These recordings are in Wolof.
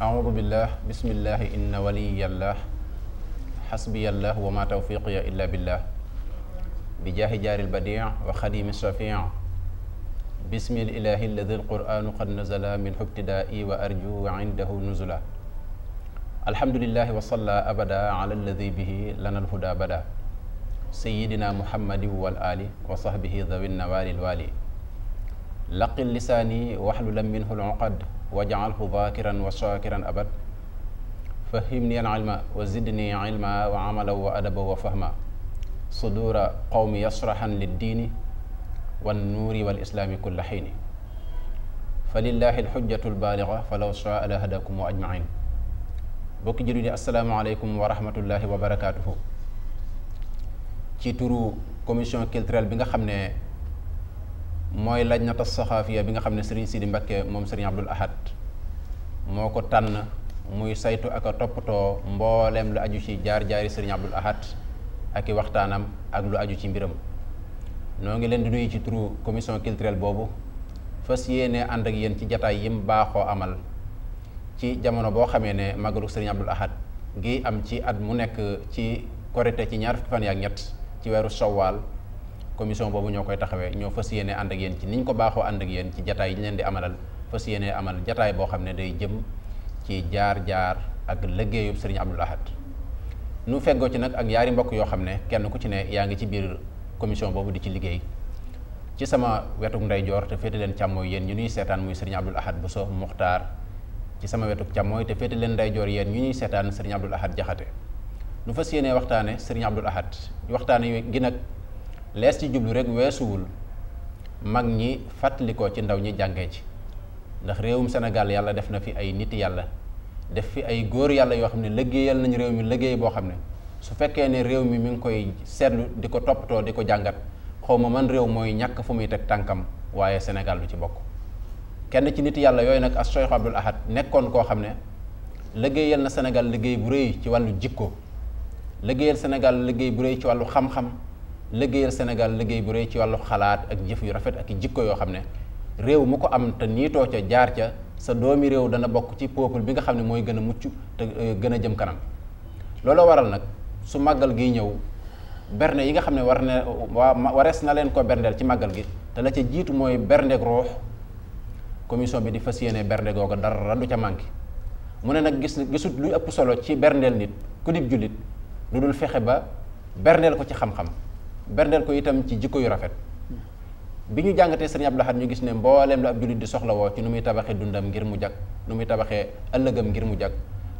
audu billah bismillah inna waliyallah xasbiyallah wa ma tawfiqiya illa billah bi jaahi jaari lbadii wa xadimi shafii bismi lilahi alladi alquranu qad nazala min hubtidaai wa arju indahu nuzula alhamdulilahi wa salla abada ala alladi bihi lana alhuda bada sayidina muhammadin wal ali wa sahbihi dawi nawaali lwaali laqi lisaani waxlulan minhu luqad waj'alhu dhaakiran wa shaakiran abad fahimni al-ilma wa zidni ilma wa amala wa adaba wa fahma sudura qawmi yashrahan lid-diini wan-nuuri wal-islaami kulla hiini falillaahi al-hujjatu al-baaligha falaw shaa'a lahadakum ajma'iin bokki juri di assalaamu aleykum wa rahmatullaahi wa barakaatuhu ci turu commission culturelle bi nga xam ne mooy laj na tas saxaafiya bi nga xam ne sëriñ Sidi Mbakke moom sëriñ Abdul Ahad moo ko tànn muy saytu ak toppatoo mbooleem lu aju ci jaar-jaari sëriñ Abdul Ahad ak i waxtaanam ak lu aju ci mbiram noo ngi leen di nuyu ci turu commission culturelle boobu fas yéene ànd ak yéen ci jataay yim baaxoo amal ci jamono boo xamee ne màggalu sëriñ Abdul Ahad gi am ci at mu nekk ci korite ci ñaar fukki fan yaak ñett ci weeru Shawwal commission boobu ñoo koy taxawee ñoo fas yéene ànd ak yéen ci niñ ko baaxoo ànd ak yéen ci jataay yi ñu leen di amalal fas yéene amal jataay boo xam ne day jëm ci jaar-jaar ak liggéeyub sëriñ Abdoul Ahad nu feggoo ci nag ak yaari mbokk yoo xam ne kenn ku ci ne yaa ngi ci biir commission boobu di ci liggéey ci sama wetuk ndeyjoor te féete leen càmmooy yéen ñu ñuy seetaan muy sëriñ Abdoul Ahad Bousso Muxtaar ci sama wetuk càmmooy te féete leen ndeyjoor yéen ñu ñuy seetaan sëriñ Abdoul Ahad Jaxate fas yéene waxtaane sëriñ Abdoul Ahad waxtaane gi lees ci jublu rek weesuwul mag ñi fàttalikoo ci ndaw ñi jàngee ci ndax réewum Sénégal yàlla def na fi ay nit yàlla def fi ay góor yàlla yoo xam ne liggéeyal nañu réew mi liggéey boo xam ne su fekkee ne réew mi mi ngi koy seetlu di ko toppatoo di ko jàngat xaw ma man réew mooy ñàkk fu muy teg tànkam waaye Sénégal lu ci bokk kenn ci nit yàlla yooyu nag as Cheikh Abdoul Ahad nekkoon koo xam ne liggéeyal na Sénégal liggéey bu rëy ci wàllu jikko liggéeyal Sénégal liggéey bu rëy ci wàllu xam liggéeyal senegal liggéey bu rëy ci wàllu xalaat ak jëf yu rafet ak jikko yoo xam ne réew mu ko am te niitoo ca jaar ca sa doomi réew dana bokk ci peuple bi nga xam ne mooy gën a mucc te euh, gën a jëm kanam loolu waral nag su màggal gi ñëw bernde yi nga xam ne war na waa warees na leen ko berndeel ci màggal gi te la ca jiitu mooy berndeeg ruux commission bi di fa yéene bernde googa dara du ca manqué mu ne nag gis gisut luy ëpp solo ci berndeel nit ku dib jullit lu dul fexe ba berndeel ko ci xam berndeel ko itam ci jikko yu rafet bi ñu jàngatee sëriñ Abdou ñu gis ne mbooleem la ab di soxlawoo ci nu muy tabaxee dundam ngir mu jag nu muy tabaxee ëllëgam ngir mu jag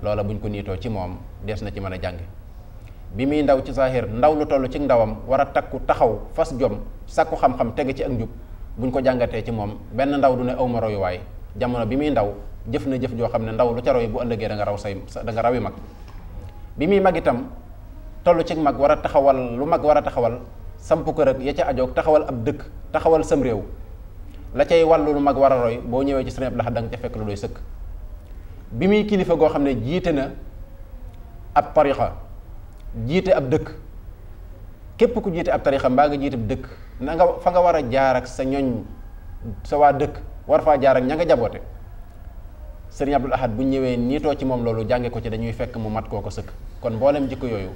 loola buñ ko niitoo ci moom des na ci mën a jànge bi muy ndaw ci saahir ndaw lu toll ci ndawam war a takku taxaw fas jom sàkku xam-xam ci ak njub buñ ko jàngatee ci moom benn ndaw du ne aw ma royuwaay jamono bi muy ndaw jëf na jëf joo xam ne ndaw lu ca roy bu ëllëgee da nga raw say da nga rawi mag bi muy mag itam toll ci mag war a taxawal lu mag war a taxawal samp ko rek ya ca ajoog taxawal ab dëkk taxawal sam réew la cay wàllu lu mag war a roy boo ñëwee ci Sëriñ Abdou Lahad da nga ca fekk lu doy sëkk bi muy kilifa goo xam ne jiite na ab tarixa jiite ab dëkk képp ku jiite ab tarixa mbaa nga jiite ab dëkk nanga fa nga war a jaar ak sa ñoñ sa waa dëkk war faa jaar ak ña nga jaboote Sëriñ Abdou bu ñëwee niitoo ci moom loolu jànge ko ci dañuy fekk mu mat koo ko sëkk kon mboolem jikko yooyu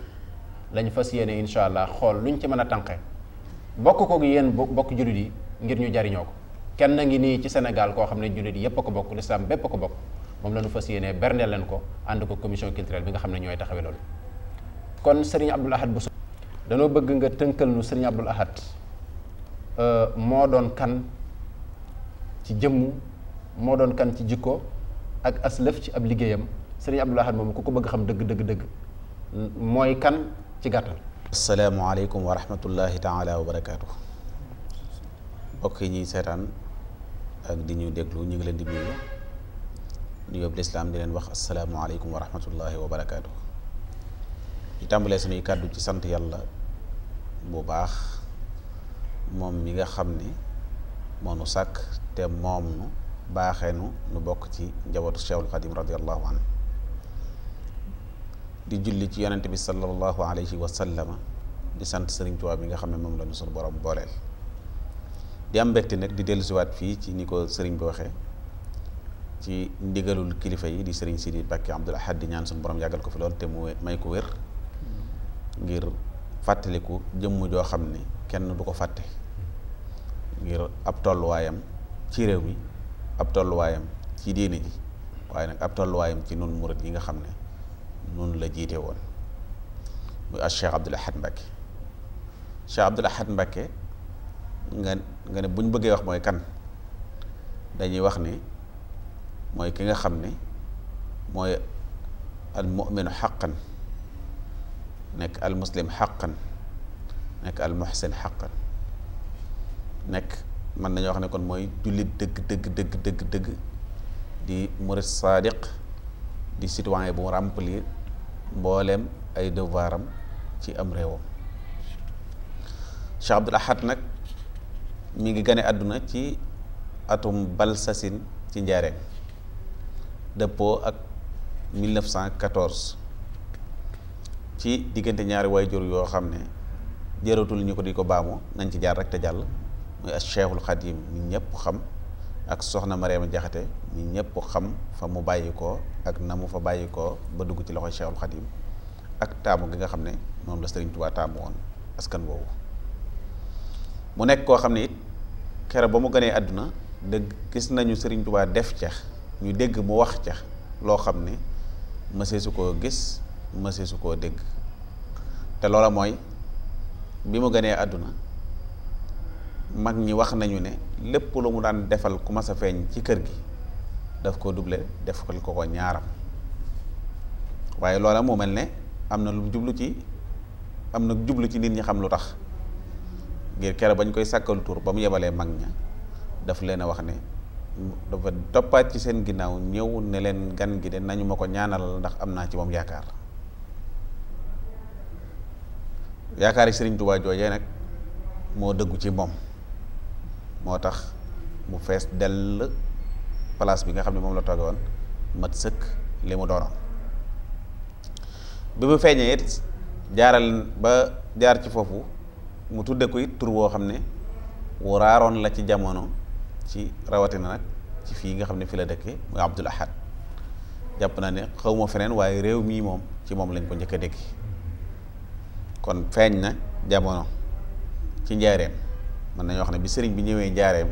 lañu fas yéene incha allah xool lu ñu ci mën a tànqe bokk ko yéen bokk jullit yi ngir ñu jariñoo ko kenn ngi nii ci Sénégal koo xam ne jullit yépp a ko bokk lislaam bépp a ko bokk moom lañu fas yéene berndeel leen ko ànd ko commission culturelle bi nga xam ne ñooy taxawee loolu kon sëriñ Abdoul bu Bousso danoo bëgg nga tënkal nu sëriñ Abdoul Ahad euh, moo doon kan ci jëmm moo doon kan ci jikko ak aslëf ci ab liggéeyam sëriñ Abdoul Ahad moom ku ko bëgg xam dëgg dëgg dëgg mooy kan ci gàttal asalaamaaleykum wa rahmatullahi taala wa barakaatu mbokk yi ñuy seetaan ak di ñu déglu ñu ngi leen di nuyu nuyoo bi lislaam di leen wax asalaamaaleykum wa rahmatullahi wa barakaatu ñu tàmbalee suñuy kàddu ci sant yàlla bu baax moom mi nga xam ni moo nu sàkk te moom nu baaxee nu nu bokk ci njabootu Cheikhul Xadim radiallahu anhu di julli ci yonente bi sallallahu alayhi wa sallama di sant Sëriñ Tuubaa bi nga xam ne moom la ñu sunu borom booleel di am mbégte nag di dellusiwaat fii ci ni ko sëriñ bi waxee ci ndigalul kilifa yi di sëriñ Sidi Bakki Abdul Ahad di ñaan sunu borom yàggal ko fi lool te mu may ko wér ngir fàttaliku jëmm joo xam ne kenn du ko fàtte ngir ab tolluwaayam ci réew mi ab tolluwaayam ci diine ji waaye nag ab tolluwaayam ci nun murit yi nga xam ne noonu la jiite woon muy ak Cheikh Abdoul Ahad Mbacké Cheikh Abdoul Ahad Mbacké nga ne bu ñu bëggee wax mooy kan dañuy wax ni mooy ki nga xam ni mooy al mu'minu xaqan nekk al muslim nekk al muhsin xaqan nekk mën nañu wax ne kon mooy jullit dëgg dëgg dëgg dëgg dëgg di murid saadiq di citoyen bu remplir mbooleem ay devoir am ci am réewam Cheikh Abdul Ahad nag mi ngi gane àdduna ci atum Balsasin ci njaareem dëppoo ak 1914 ci diggante ñaari way waajur yoo xam ne jëratul ñu ko di ko baamu nañ ci jaar rek te jàll muy Cheikhul Xadim ñi ñëpp xam ak soxna Mariama Jaxate ñi ñëpp xam fa mu bàyyi ko ak na mu fa bàyyi ko ba dugg ci loxoy Cheikhul Khadim ak taamu gi nga xam ne moom la Serigne Touba taamu woon askan woowu mu nekk koo xam ne it kere ba mu gënee àdduna dëgg gis nañu Serigne Touba def ca ñu dégg mu wax ca loo xam ne mëseesu koo gis mëseesu koo dégg te loola mooy bi mu gënee àdduna mag ñi wax nañu ne lépp lu mu daan defal ku ma sa feeñ ci kër gi daf ko duble def ko ko ñaaram waaye loola moo mel ne am na lu jublu ci am na jublu ci nit ñi xam lu tax ngir kere bañ koy sàkkal tour ba mu yebalee mag ña daf leen a wax ne dafa toppaat ci seen ginnaaw ñëw ne leen gan gi de nañu ma ko ñaanal ndax am naa ci moom yaakaar yaakaar yi Sëriñ Tuubaa joojee nag moo dëggu ci moom moo tax mu fees dell place bi nga xam ne moom la tooge woon mat sëkk li mu doonoon bi mu feeñee it jaaral ba jaar ci foofu mu tudde ko it tur woo xam ne wu raaroon la ci jamono ci rawatina nag ci fii nga xam ne fi la dëkke muy Abdul Ahad jàpp naa ne xawma feneen waaye réew mii moom ci moom lañ ko njëkk a dégg kon feeñ na jamono ci njaareem mën nañoo wax ne bi sëriñ bi ñëwee njaareem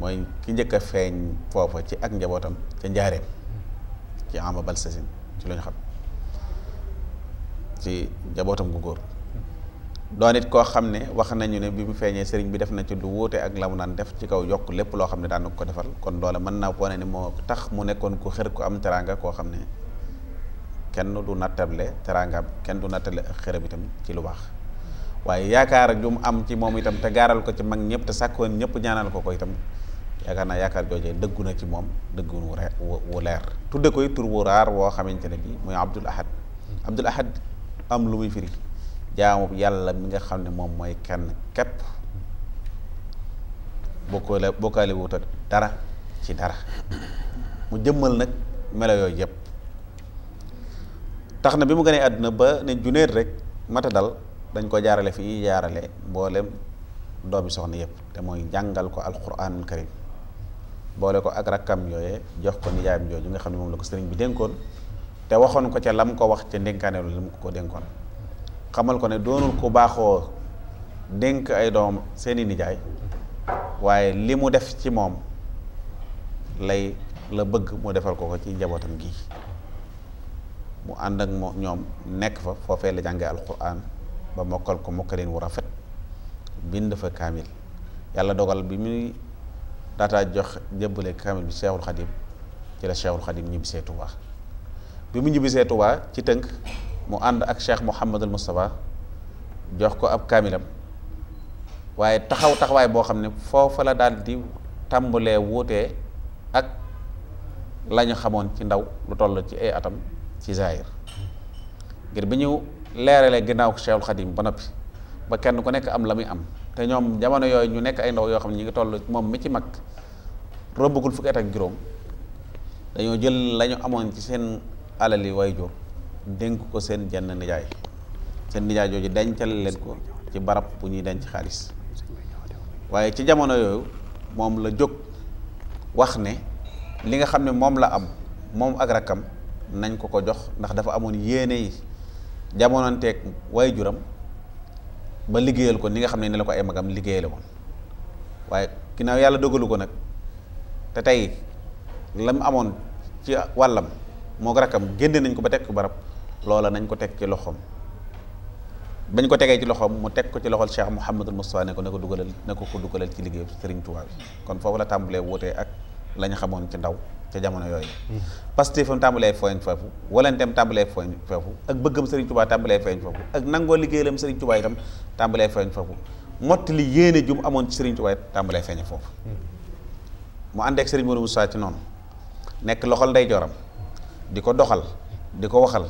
mooy ki njëkk a feeñ foofa ci ak njabootam ca njaareem ci ama bal sasin ci lu ñu xam ci njabootam gu góor doon it koo xam ne wax nañu ne bi mu feeñee sëriñ bi def na ci lu wuute ak la mu naan def ci kaw yokk lépp loo xam ne daan ko defal kon loola mën naa wane ne moo tax mu nekkoon ku xër ku am teraanga koo xam ne kenn du nattable teraangaam kenn du nattale ak xërëm itam ci lu baax waaye yaakaar ju mu am ci moom itam te gaaral ko ci mag ñëpp te sàkkoon ñëpp ñaanal ko ko itam yaakaar naa yaakaar joojee dëggu na ci moom dëggu wu leer tudde koy tur wu raar woo xamante ne bi mooy Abdul Ahad Abdul Ahad am lu muy firi jaamu yàlla mi nga xam ne moom mooy kenn képp bokkaale bokkaale wuuta dara ci dara mu jëmmal nag melo yooyu yëpp tax na bi mu gënee àdduna ba ne juneet rek mata dal dañ ko jaarale fii jaarale boolem doomi soxna yëpp te mooy jàngal ko alquranul karim boole ko ak rakkam yooye jox ko nijaayam jooju nga xam ne moom la ko sëriñ bi dénkoon te waxoon ko ca lam ko wax ca ndénkaaneelu lam ko ko dénkoon xamal ko ne doonul ku baaxoo dénk ay doom seeni nijaay waaye li mu def ci moom lay la bëgg mu defal ko ko ci njabootam gi mu ànd ak moo ñoom nekk fa foofee la jàngee alquran ba mokkal ko mokkalin wu rafet bind fa kaamil yàlla dogal bi muy daata jox jébbale kaamil bi Cheikhul Khadim ci la Cheikhul Khadim ñibbisee Touba bi mu ñibbisee Touba ci tënk mu ànd ak Cheikh Mouhamadul Moustapha jox ko ab kaamilam waaye taxaw taxawaay boo xam ne foofa la daal di tàmbalee wuutee ak lañu xamoon ci ndaw lu toll ci ay atam ci zaahir ngir bi ñu leerale ginnaaw Cheikhul Khadim ba noppi ba kenn ku nekk am la muy am te ñoom jamono yooyu ñu nekk ay ndaw yoo xam ne ñu ngi toll moom mi ci mag robbagul fukki at ak juróom dañoo jël lañu amoon ci seen way waajur dénk ko seen jenn nijaay seen nijaay jooju dencal leen ko ci barab bu ñuy denc xaalis waaye ci jamono yooyu moom la jóg wax ne li nga xam ne moom la am moom ak rakkam nañ ko ko jox ndax dafa amoon yéene yi jamono jamononteeg waaye juram ba liggéeyal ko ni nga xam ne ni la ko ay magam liggéeyale woon waaye ginnaaw yàlla dogalu ko nag te tey lam amoon ci wàllam moo rakkam génne nañ ko ba teg ko barab loola nañ ko teg ci loxoom bañ ko tegee ci loxoom mu teg ko ci loxol Cheikh Mouhamadul Moustapha ne ko ne ko dugalal ne ko ko dugalal ci liggéeyu Serigne Touba bi kon foofu la tàmbalee wootee ak lañu xamoon ci ndaw ca jamono yooyu pastéefam tàmbalee feeñ foofu walanteem tàmbalee feeñ foofu ak bëggam Serigne Touba tàmbalee feeñ foofu ak nangoo liggéeyalam Serigne Touba itam tàmbalee feeñ foofu motti li yéene ju amoon ci Serigne Touba it tàmbalee feeñe foofu mu ànd ak Serigne Modou Moussa ci noonu nekk loxol nday joram di ko doxal di ko waxal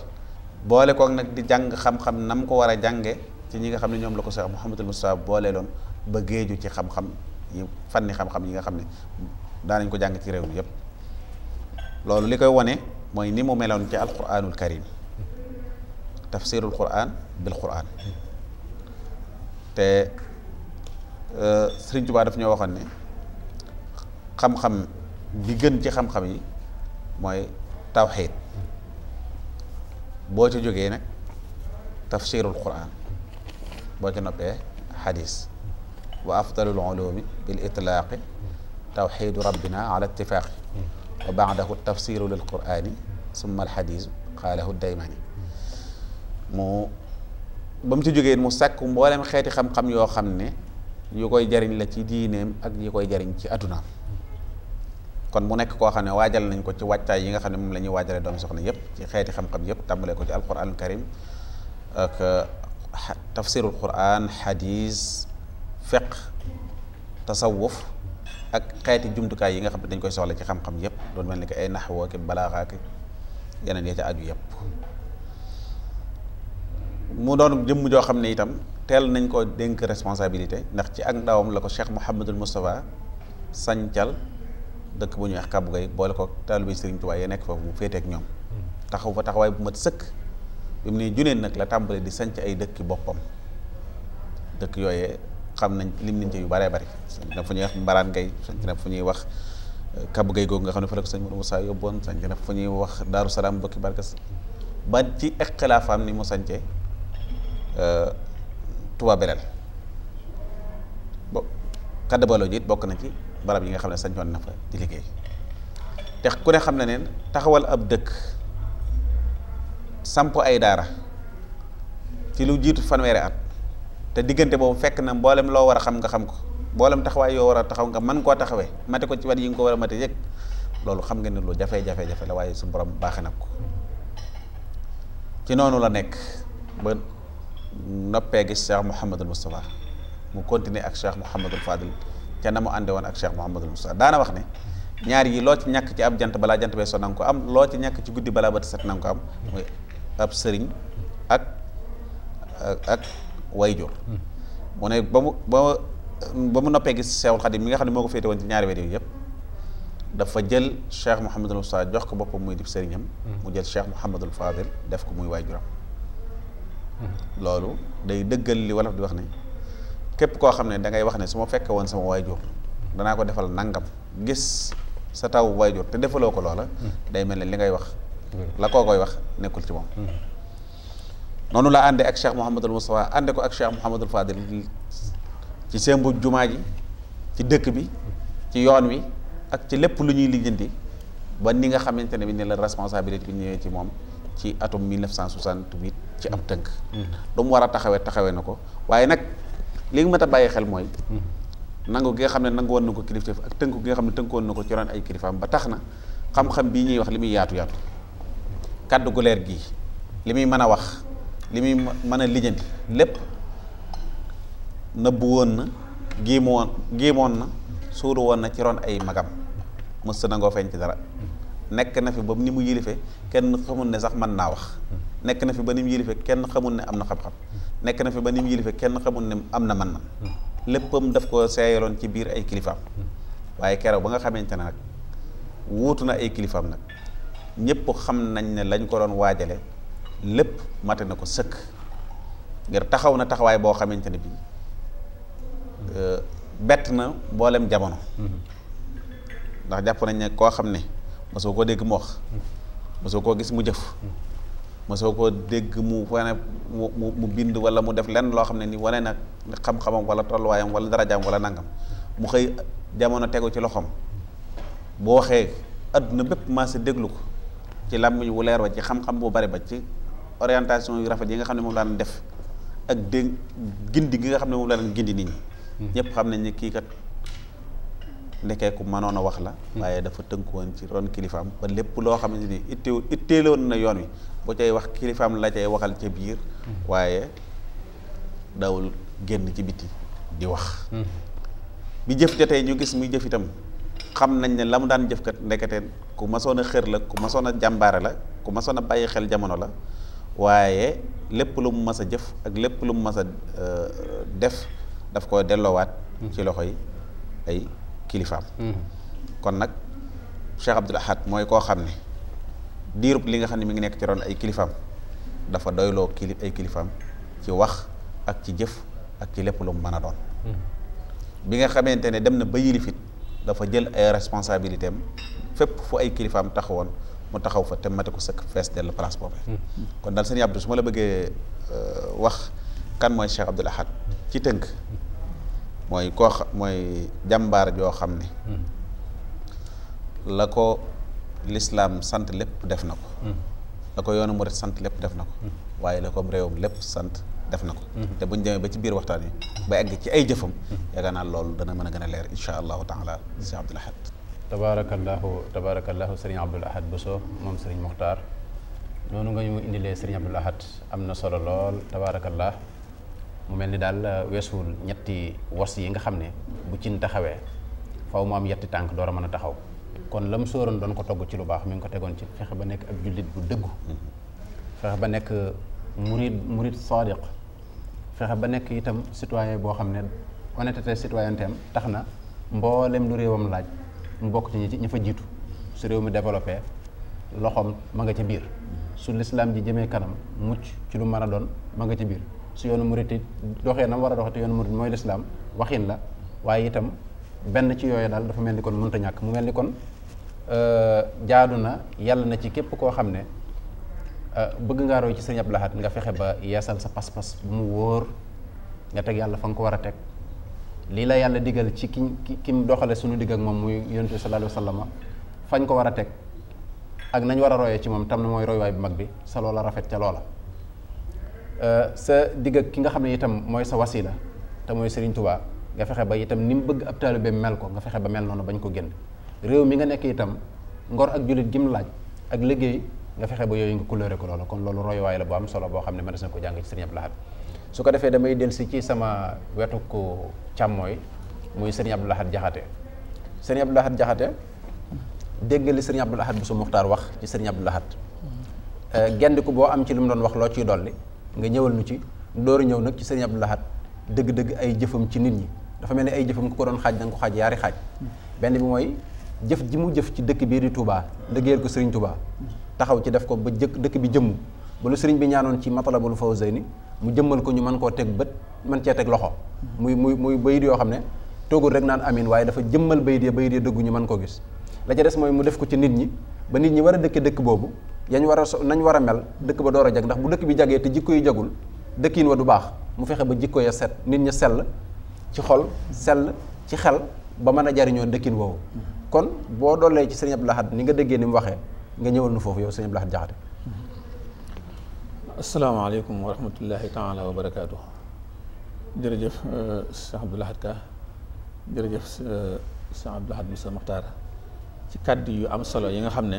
boole kook nag di jàng xam-xam nam ko war a jànge ci ñi nga xam ne ñoom la ko Cheikh Mouhamadul Moustapha booleeloon ba géeju ci xam-xam yi yi nga xam ne daanañ ko jàng ci réew mi yépp loolu li koy wone mooy ni mu meloon ci alquranul karim tafsirul quran bil quran te euh, Sëriñ Tuubaa daf ñoo waxoon ne xam-xam bi gën ci xam-xam yi mooy tawxiid boo ci jógee nag tafsirul quran boo ci noppee xadis wa afdalul ulumi bil itlaaqi tawxiidu rabbina ala ittifaaqi wa baadahu tafsiru lil qurani summa alxadiisu qaalahu daymani mu ba mu ci jógee mu sàkk mboolem xeeti xam-xam yoo xam ne yu koy jariñ la ci diineem ak yu koy jariñ ci addunaam kon mu nekk koo xam ne waajal nañ ko ci wàccaay yi nga xam ne moom la ñuy waajalee doomi soxna yëpp ci xeeti xam-xam yëpp tàmbalee ko ci alquran karim ak tafsirul quran xadiis fiq tasawuf ak xeeti jumtukaay yi nga xam ne dañ koy soxla ci xam-xam yëpp doon mel ni que ay naxwoo ki balaaxa ak yeneen ya ca aju yëpp mu doon jëmm joo xam ne itam teel nañ ko dénk responsabilité ndax ci ak ndawam la ko Cheikh Mouhamadul Moustapha sancal dëkk bu ñuy wax Kàbbu Gay boole ko taalibe Sëriñ Tuubaa ya nekk foofu mu féeteek ñoom hmm. taxaw fa taxawaay bu mat sëkk bi mu ne juneen nag la tàmbale di sanc ay dëkki boppam dëkk yooyee am nañ lim nañ ci yu bëree bëri sanc na fu ñuy wax mbaraan gay sanc na fu ñuy wax euh, kabu gay googu nga xam ne fa la ko sëñ Moussa yóbboon sanc na fu ñuy wax daaru salaam bokki barkas ba ci ixtilaafaam ni mu sancee euh, Touba Belel bo kadda bokk na ci barab yi nga xam ne sancoon na fa di liggéey te ku ne xam na ne taxawal ab dëkk samp ay daara ci lu jiitu fanweeri at te diggante boobu fekk na mboolem loo war a xam nga xam ko mboolem taxawaay yoo war a taxaw nga mën koo taxawee mate ko ci wet yi nga ko war a mate yëg loolu xam nga ne lu jafe-jafe waaye su borom baaxe na ko noonu la nekk ba noppee gis Cheikh Mouhamadul Moustapha mu continuer ak Cheikh Mouhamadul Fadil te na mu ànde woon ak Cheikh Mouhamadul Moustapha daana wax ne ñaar yi loo ci ñàkk ci ab jant balaa jant bee so nanga ko am loo ci ñàkk ci guddi balaa bët set nanga ko am muy ab sëriñ ak way wayjur moo ne ba mu ba mu noppee gis Seexul Xadim mi nga xam ne moo ko féete woon ci ñaari wet yooyu yëpp dafa jël Cheikh Mouhamadul Moustapha jox ko boppam muy di sëriñam hmm. mu jël Cheikh Mouhamadul Fadil def ko muy wayjuram hmm. loolu day dëggal li wolof di wax ne képp koo xam ne da ngay wax ne su ma fekkee woon sama wayjur danaa ko defal nangam gis sa taw wayjur te defaloo ko loola hmm. day mel ne li ngay wax la koo koy wax nekkul ci moom noonu laa àndee ak Cheikh Mouhamadul Moustapha ànde ko ak Cheikh Mouhamadul Fadil ci sembu jumaa ji ci dëkk bi ci yoon wi ak ci lépp lu ñuy lijjanti ba ni nga xamante ne bi ne la responsabilité bi ñëwee ci moom ci atum 1968 ci am tënk mm-hmm. lu mu war a taxawee taxawee na ko waaye nag li nga mat a bàyyi xel mooy mm-hmm. nangu gi nga xam ne nangu woon na ko kilif ak tënku gi nga xam ne tënkoon na ko ci ron ay kilifaam ba tax na xam-xam bii ñuy wax li muy yaatu yaatu kaddu gu leer gii li muy mën a wax li muy mën a lijjanti lépp nëbbu woon na giimoon giimoon na suuru woon na ci ron ay magam mës nangoo feeñ ci dara nekk na fi ba ni mu yilife kenn xamul ne sax mën naa wax nekk na fi ba ni mu kenn xamul ne am na xam-xam nekk na fi ba ni mu yilife kenn xamul ne am na mën na léppam daf ko seeyaloon ci biir ay kilifaam waaye keroog ba nga xamante ne nag wuutu na ay kilifaam nag ñëpp xam nañ ne lañ ko doon waajale lépp mate na ko sëkk ngir taxaw na taxawaay boo xamante ne bi euh, bett na mboolem jamono mm-hmm. ndax jàpp nañ ne koo xam ne mosoo koo dégg mu wax mm-hmm. mosoo koo gis mu jëf ma mm-hmm. soo koo dégg mu wane mu mu bind wala mu def lenn loo xam ne nii wane nag xam-xamam wala tolluwaayam wala darajaam walla nangam mu xëy jamono tegu ci loxoom bu waxee adduna bépp maa si déglu ko ci làmmiñ wu leer wa ci xam-xam bu bari ba ci orientation yu rafet yi nga xam ne moom laa def ak dégg gindi gi nga xam ne moom laa ñi. Hmm. ñëpp xam nañ ne kii kat ndekee ku mënoon a wax la. Hmm. waaye dafa tënkuwoon ci ron kilifaam ba lépp loo xam ne itte itteeloon na yoon wi boo cay wax kilifaam la cay waxal ca biir. Hmm. waaye dawul génn ci biti di wax. bi jëf jotee ñu gis muy jëf itam xam nañ ne la mu daan jëfkat kat ndeketeen ku masoon a xër la ku masoon a jàmbaare la ku masoon a bàyyi xel jamono la. waaye lépp lu mu mas a jëf ak lépp lu mu mas a euh, def daf koy delloowaat ci loxo yi ay kilifaam mm-hmm. kon nag Cheikh Abdoul Ahad mooy koo xam ne diirub li nga xam ne mu ngi nekk ci ron ay kilifaam dafa doyloo kilif ay kilifaam ci wax ak ci jëf ak ci lépp lu mu mën a doon mm-hmm. bi nga xamante ne dem na ba yilifit dafa jël ay responsabilité am fépp fu ay kilifaam taxawoon mu taxaw fa te mate ko sëkk fees dell place boobee. Hmm. kon daal sëñ Abdou su ma la bëggee euh, wax kan mooy Cheikh Abdoul Ahad ci tënk hmm. mooy koo xam mooy jàmbaar joo xam ne. Hmm. la ko lislaam sant lépp def na ko. la ko yoonu murit sant lépp def na ko. waaye la ko réewam lépp sant def na ko. te bu ñu demee ba ci biir waxtaan yi ba egg ci ay jëfam. yaakaar naa loolu dana mën a gën a leer incha allahu taala si Abdoul Ahad tabaarakallaahu tabaarakallaahu sëriñ Abdul Ahad Bousso moom sëriñ Muxtaar noonu nga ñu indilee sëriñ Abdul Ahad am na solo lool tabaarakallah mu mel ni daal uh, weesuwul ñetti was yi nga xam ne bu cin taxawee faw moom am yetti tànk door a mën a taxaw kon la mu sóoroon doon ko togg ci lu baax mi ngi ko tegoon ci fexe ba nekk ab jullit bu dëggu fexe ba nekk murid murid sadiq fexe ba nekk itam citoyen boo xam ne honnêteté citoyenneté tax na mboolem lu réewam laaj mu bokk ci ñi ci ñi fa jiitu su réew mi développé loxoom ma nga ca biir su lislaam ji jëmee kanam mucc ci lu man a doon ma nga ca biir su yoonu murit doxee na mu war a doxee te yoonu murit mooy lislaam waxin la waaye itam benn ci yooyu daal dafa mel ni kon mënta ñàkk mu mel ni kon euh, jaadu na yàlla na ci képp koo xam ne euh, bëgg ngaa roy ci sa Abdou Lahad nga fexe ba yeesal sa pas-pas bu mu wóor nga teg yàlla fa nga ko war a teg lii la yàlla digal ci ki ki mu doxale suñu digg ak moom muy yonent bi sallallahu alayhi wa sallam fañ ko war a teg ak nañ war a royee ci moom tam na mooy roywaay bu mag bi sa loola rafet ca loola euh, sa digg ak ki nga xam ne itam mooy sa wasila te mooy Sëriñ Tuubaa nga fexe ba itam ni mu bëgg ab taalibe mel ko nga fexe ba mel noonu bañ ko génn réew mi nga nekk itam ngor ak jullit gi mu laaj ak liggéey nga fexe ba yooyu nga coloré ko loola kon loolu roywaay la bu am ne mënees na ko jàng ci Sëriñ su ko defee damay si ci sama wetu ko càmmooy muy sëriñ Abdou Lahad Jaxate sëriñ Abdou Lahad Jaxate dégg li sëriñ Abdou Lahad bu su Muxtaar wax ci sëriñ Abdou Lahad mm-hmm. eh, gendiku boo am ci li mu doon wax loo ciy dolli nga ñëwal nu ci dooru ñëw nag ci sëriñ Abdou Lahad dëgg-dëgg ay jëfam ci nit ñi dafa mel ni ay jëfam ku ko doon xaaj da nga ko xaaj yaari xaaj mm-hmm. benn bi mooy jëf ji mu jëf ci dëkk bii di tubaa liggéeyal ko sëriñ tubaa mm-hmm. taxaw ci def ko ba jëkk dëkk bi jëmm ba sëriñ bi ñaanoon ci matalabul fawzayni mu jëmmal ko ñu man koo teg bët man cee teg loxo muy muy muy bayit yoo xam ne toogul rek naan amin waaye dafa jëmmal bayit ya bayit ya dëggu ñu mën koo gis la ca des mooy mu def ko ci nit ñi ba nit ñi war a dëkke dëkk boobu yañ war a so nañ war a mel dëkk ba door a jag ndax bu dëkk bi jagee te jikko yi jagul dëkkin wa du baax mu fexe ba jikko ya set nit ñi sell ci xol sell ci xel ba mën a jariñoo dëkkin woowu kon boo doolee ci sëriñ Abdou ni nga déggee ni mu waxee nga ñëwal nu foofu yow sëriñ Abdou Lahad asalaamaaleykum wa rahmatullahi taala wa barakaatu jërëjëf euh, Cheikh Abdou Lahad Ka jërëjëf euh, Cheikh Abdou Lahad Moussa Mokhtar ci kàddu yu am solo yi nga xam ne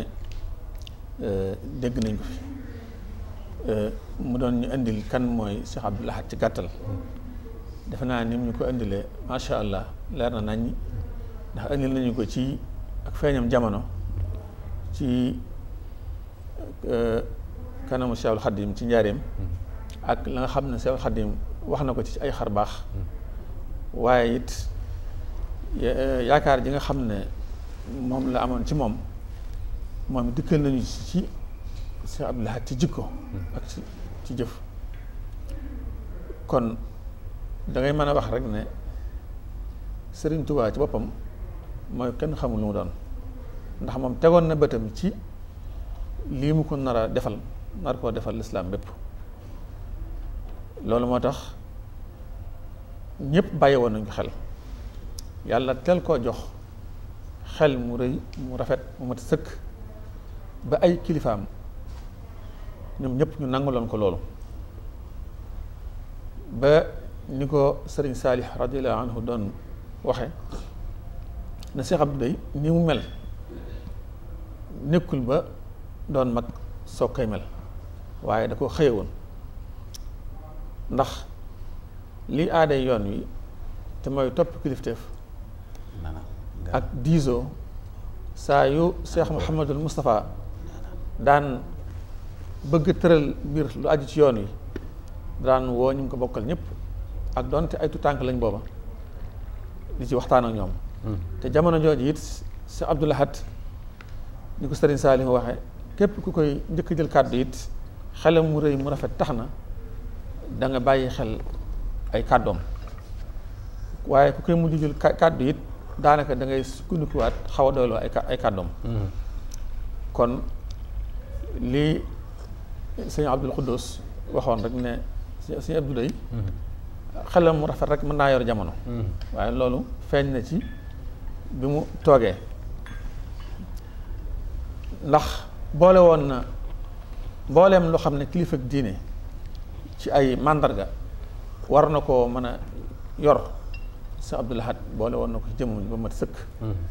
euh, dégg nañ ko fi mu doon ñu indil kan mooy Cheikh Abdou Lahad ci gàttal defe naa ni ñu ko indilee macha allah leer na nañ ndax indil nañu ko ci ak feeñam jamono ci. kanamu Cheikhul Khadim ci njaareem ak la nga xam ne Cheikhul Khadim wax na ko ci ay xar baax waaye it yaakaar ji nga xam ne moom la amoon ci moom moom dikkal nañu ci Cheikh Abdou Lahad ci jikko ak ci jëf kon dangay mën a wax rek ne Sëriñ Tuubaa ci boppam mooy kenn xamul lu mu doon ndax moom tegoon na bëtam ci lii mu ko nar defal nar koo defal lislaam bépp loolu moo tax ñëpp bàyyi woon nañu xel yàlla teel koo jox xel mu rëy mu rafet mu mat sëkk ba ay kilifaam ñoom ñëpp ñu nanguloon ko loolu ba ñu ko sëriñ Saalix radiallahu anhu doon waxe na Seex Abdu day ni mu mel nekkul ba doon mag soo koy mel waaye da ko xëye woon ndax li aaday yoon wi te mooy topp kilifteef ak diisoo saa yu Cheikh Mouhamadul Moustapha daan bëgg tëral mbir lu aju ci yoon wi daan woo ñu ngi ko bokkal ñëpp ak doonte ay tànk lañ booba di ci waxtaan ak ñoom hmm. te jamono jooju it Cheikh ñu ko ni saa li Saliou waxe képp ku koy njëkk jël kàddu it xelam mu rëy mu rafet tax na danga bàyyi xel ay kàddoom waaye ku koy mujj jël kàddu it daanaka da ngay sukkandikuwaat xaw a doyloo ay kàddoom mm-hmm. kon lii sëñ Abdul Xuddus waxoon rek ne sëñ Abdou day mm-hmm. xelam mu rafet rek mën naa yor jamono mm-hmm. waaye loolu feeñ na ci bi mu toogee ndax boole woon na mbooleem loo xam ne kilifa diine ci ay màndarga war na ko mën a yor sa Abdul Ahad boole woon na ko ci jëmm ba mat sëkk mm-hmm.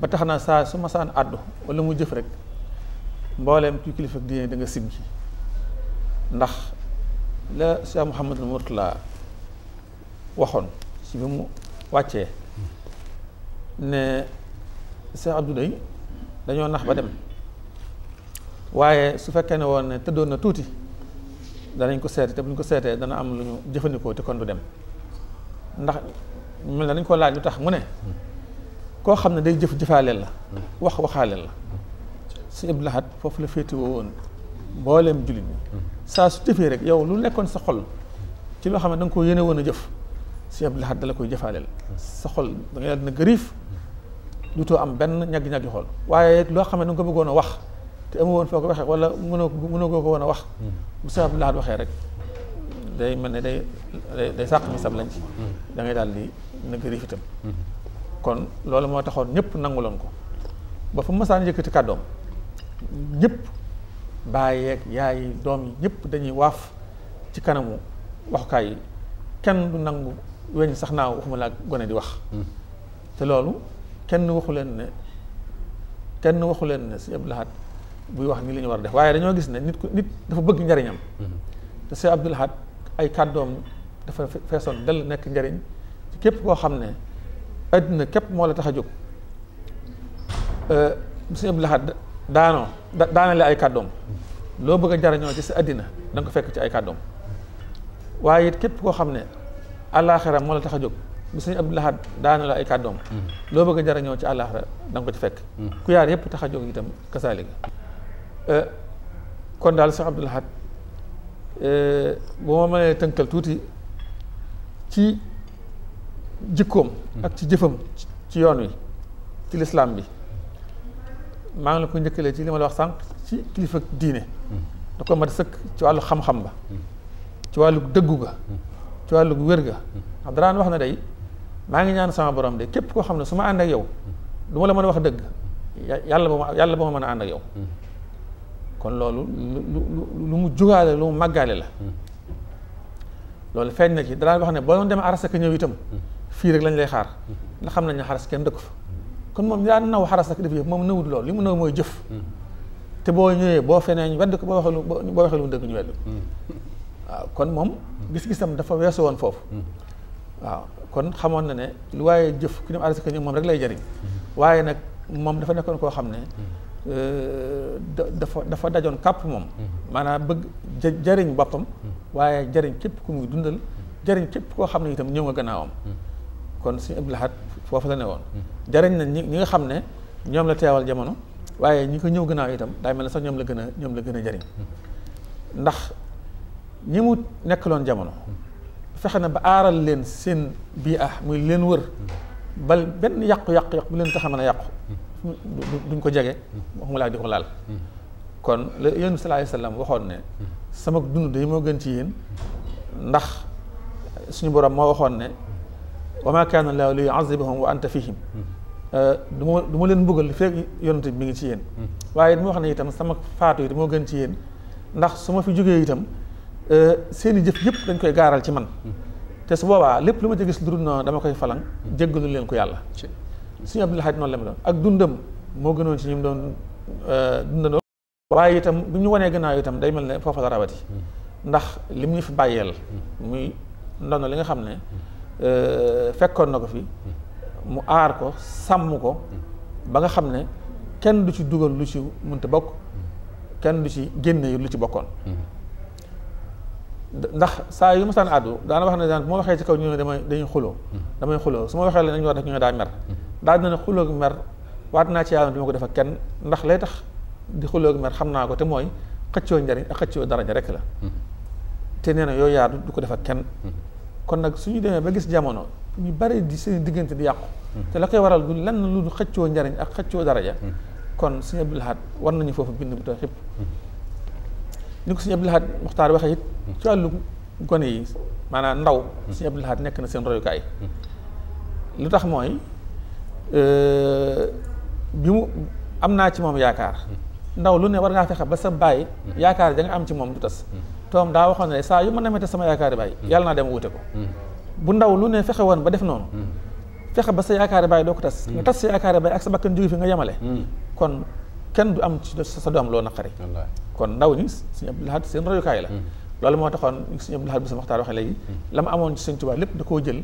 ba tax na saa su masaan àddu wala mu jëf rek mbooleem kuy kilifa diine da nga siggi ndax la Cheikh Mouhamadul Mourtala waxoon ci bi mu wàccee ne Cheikh Abdoulaye dañoo nax ba dem waaye su fekkee ne woon ne tëddoon na tuuti danañ ko seete te bu ñu ko seetee dana am lu ñu jëfandikoo te kon du dem ndax mel na dañ ko laaj lu tax mu ne koo xam ne day jëf jëfaaleel la wax waxaaleel la la féetewoo woon mbooleem jullit su jëfee rek yow lu nekkoon sa ci loo xam ne ko yéene woon a jëf si Abdul Ahad dala koy jëfaaleel sa xol da nga yàlla dina gëriif dutoo am benn ñaggi-ñaggi xol waaye loo xam ne da ko bëggoon a wax te amu foo ko waxee wala mënoo mënoo koo ko woon a wax mm-hmm. bu sabab waxee rek day mel ne day day sàq mi sab lañ ci mm-hmm. da daal di nëgëri fitam mm-hmm. kon loolu moo taxoon ñëpp nanguloon ko ba fa masaan yëkkati kàddoom ñépp bàyyeeg yaay yi doom yi ñëpp dañuy waaf ci kanamu waxukaay yi kenn du nangu weñ sax naa waxuma laa gone di wax te loolu kenn waxu leen ne kenn waxu leen ne si Abdou Lahad buy wax ni li ñu war a def waaye dañoo gis ne nit ku nit dafa bëgg njariñam mhm. te Cheikh Abdoul ay kàddoom dafa feesoon dell nekk njariñ képp koo xam ne addina képp moo la tax a jóg euh, Sëñ Abdoul Ahad daanoo daanale ay kàddoom loo bëgg a jariñoo ci sa addina da ko fekk ci ay kàddoom waaye it koo xam ne àllaaxira moo la tax jóg bu sëñ Abdoul Ahad daana la ay kàddoom mhm. loo bëgg a jariñoo ci àllaaxira da nga ko ci fekk mhm. ku yaar yépp tax a jóg itam kasaali Euh, kon daal Cheikh Abdoul Ahad euh, bu ma mënee tënkal tuuti ci jikkoom hmm. ak ci jëfam ci yoon wi ci lislaam bi maa ngi la ko njëkkalee ci li ma la wax sànq ci kilifa diine hmm. da ko mat sëkk ci wàllu xam-xam ba hmm. ci wàllu dëggu ga ci wàllu wér ga ndax daraan wax na dey maa ngi ñaan sama borom de képp koo xam ne su ma ànd ak yow du ma la mën a wax dëgg yàlla ba ma yàlla ba ma mën a ànd ak yow kon loolu lu mu jugaale lu mu màggaale la hmm. loolu feeñ na ci daan wax ne boo doon demee aras ak ñëw itam hmm. fii rek lañ lay xaar hmm. ndax xam nañ ne xaras kenn dëkk fa kon moom daan naw xaras ak def yëpp moom li mu naw mooy jëf te boo ñëwee boo fenee ñu wedd ko boo waxee lu boo waxee lu dëgg ñu wedd moom gis-gisam dafa weesu woon foofu waaw kon xamoon na ne lu waaye jëf ku dem aras ñëw moom rek lay jariñ waaye nag moom dafa nekkoon koo xam ne Euh, dafa dafa dajoon kàpp moom mm-hmm. maanaa bëgg jëriñ boppam mm-hmm. waaye jëriñ képp ku muy dundal mm-hmm. jëriñ képp koo xam ne itam ñëw nga gannaawam kon suñu Abdul Ahad foofu la ne woon jëriñ na ñi ñi nga xam ne ñoom la teewal jamono waaye ñi ko ñëw gannaaw itam daay mel ne sax ñoom la gën a ñoom la gën a jëriñ ndax ñi mu nekkaloon jamono fexe na ba aaral leen seen bii a ah muy leen wër bal benn yàqu yàqu yàqu bu leen tax a a yàqu duñ ko jege waxuma laa di ko laal hmm. kon la yéen waxoon ne hmm. sama dund day moo gën ci yéen ndax suñu borom moo waxoon ne wa ma kaana llaahu li yu'azzibahum wa anta fihim hmm. euh, du ma du ma leen mbugal fekk yonent bi mi ngi ci yéen waaye dama wax ne itam sama faatu yi moo gën ci yéen ndax su ma fi jógee itam euh, seen i jëf yëpp dañ koy gaaral ci man te su boobaa lépp lu ma ci si lu dul noonu dama koy falang jéggalu leen ko yàlla Sëñ Abdul Ahad noonu la mu doon ak dundam moo gënoon ci ñim doon euh, dundandoo waaye itam bu ñu wanee gannaaw itam day mel ne foofa la rawati hmm. ndax li ñu fi bàyyeel hmm. muy ndono li nga xam ne euh, fekkoon na ko fi hmm. mu aar ko sàmm ko ba nga xam ne kenn du ci dugal lu ci mënta bokk kenn du ci génne lu ci bokkoon ndax saa yu ma saan àddu daana wax ne daan bu ma waxee ci kaw ñu ne damay dañuy xuloo damay xuloo su ma waxee la nañu war def ñu ne daa mer daal dina ne xuloog mer waat naa ci yàlla du ko def kenn ndax lay tax di xuloog mer xam naa ko te mooy xëccoo njariñ ak xëccoo daraja rek la mm-hmm. te na yooyu yaar du ko def kenn mm-hmm. kon nag suñu demee ba gis jamono ñu bari di seen diggante di yàqu mm-hmm. te la koy waral du lenn lu xëccoo njariñ ak xëccoo daraja kon sëñ war nañu foofu bind bu tooy xëpp ni ko sëñ Abdul Muxtaar waxee it ci wàllu gone yi maanaa ndaw sëñ Abdul nekk na seen royukaay lu tax mooy Euh, bi mu am naa ci moom yaakaar ndaw lu ne war ngaa fexe ba sa baay yaakaar ja nga am ci moom du tas toom daa waxoon ne saa yu ma namete sama yaakaar baay yàlla naa dem wute ko bu ndaw lu ne fexe woon ba def noonu fexe ba sa yaakaari baay doo ko tas nga tas sa yaakaari baay ak sa bakkan jóge fi nga yemale kon kenn du am ci sa doom loo naqari kon ndaw ñi suñu Abdul Ahad seen royukaay la loolu moo taxoon suñu Abdul Ahad bi sa waxtaan waxee léegi la ma amoon ci Sëñ lépp da jël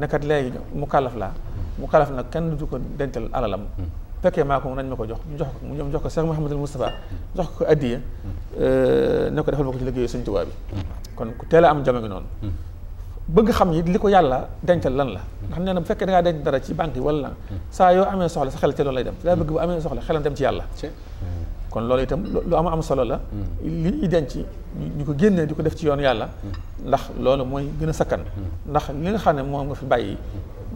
nekkat léegi mu laa mu xalaf nag kenn du ko dencal alalam mm. fekkee maa ko nañ ma ko jox ñu jox ko ñoom jox ko Cheikh Mouhamadul Moustapha mm. jox ko addiya mm. ne ko defal ma ko ci liggéeyu Sëñ Tuubaa bi kon ku teel am jome ngi noonu bëgg xam yi li ko yàlla dencal lan la ndax nee na bu fekkee da ngaa denc dara ci banque wala lan saa yoo amee soxla sa xel ci lay dem daa bëgg bu amee soxla xelam dem ci yàlla kon loolu itam lu am am solo la li ñuy denc ñu ko génnee di ko def ci yoon yàlla ndax loolu mooy gën a sakkan ndax li nga xam ne moom nga fi bàyyi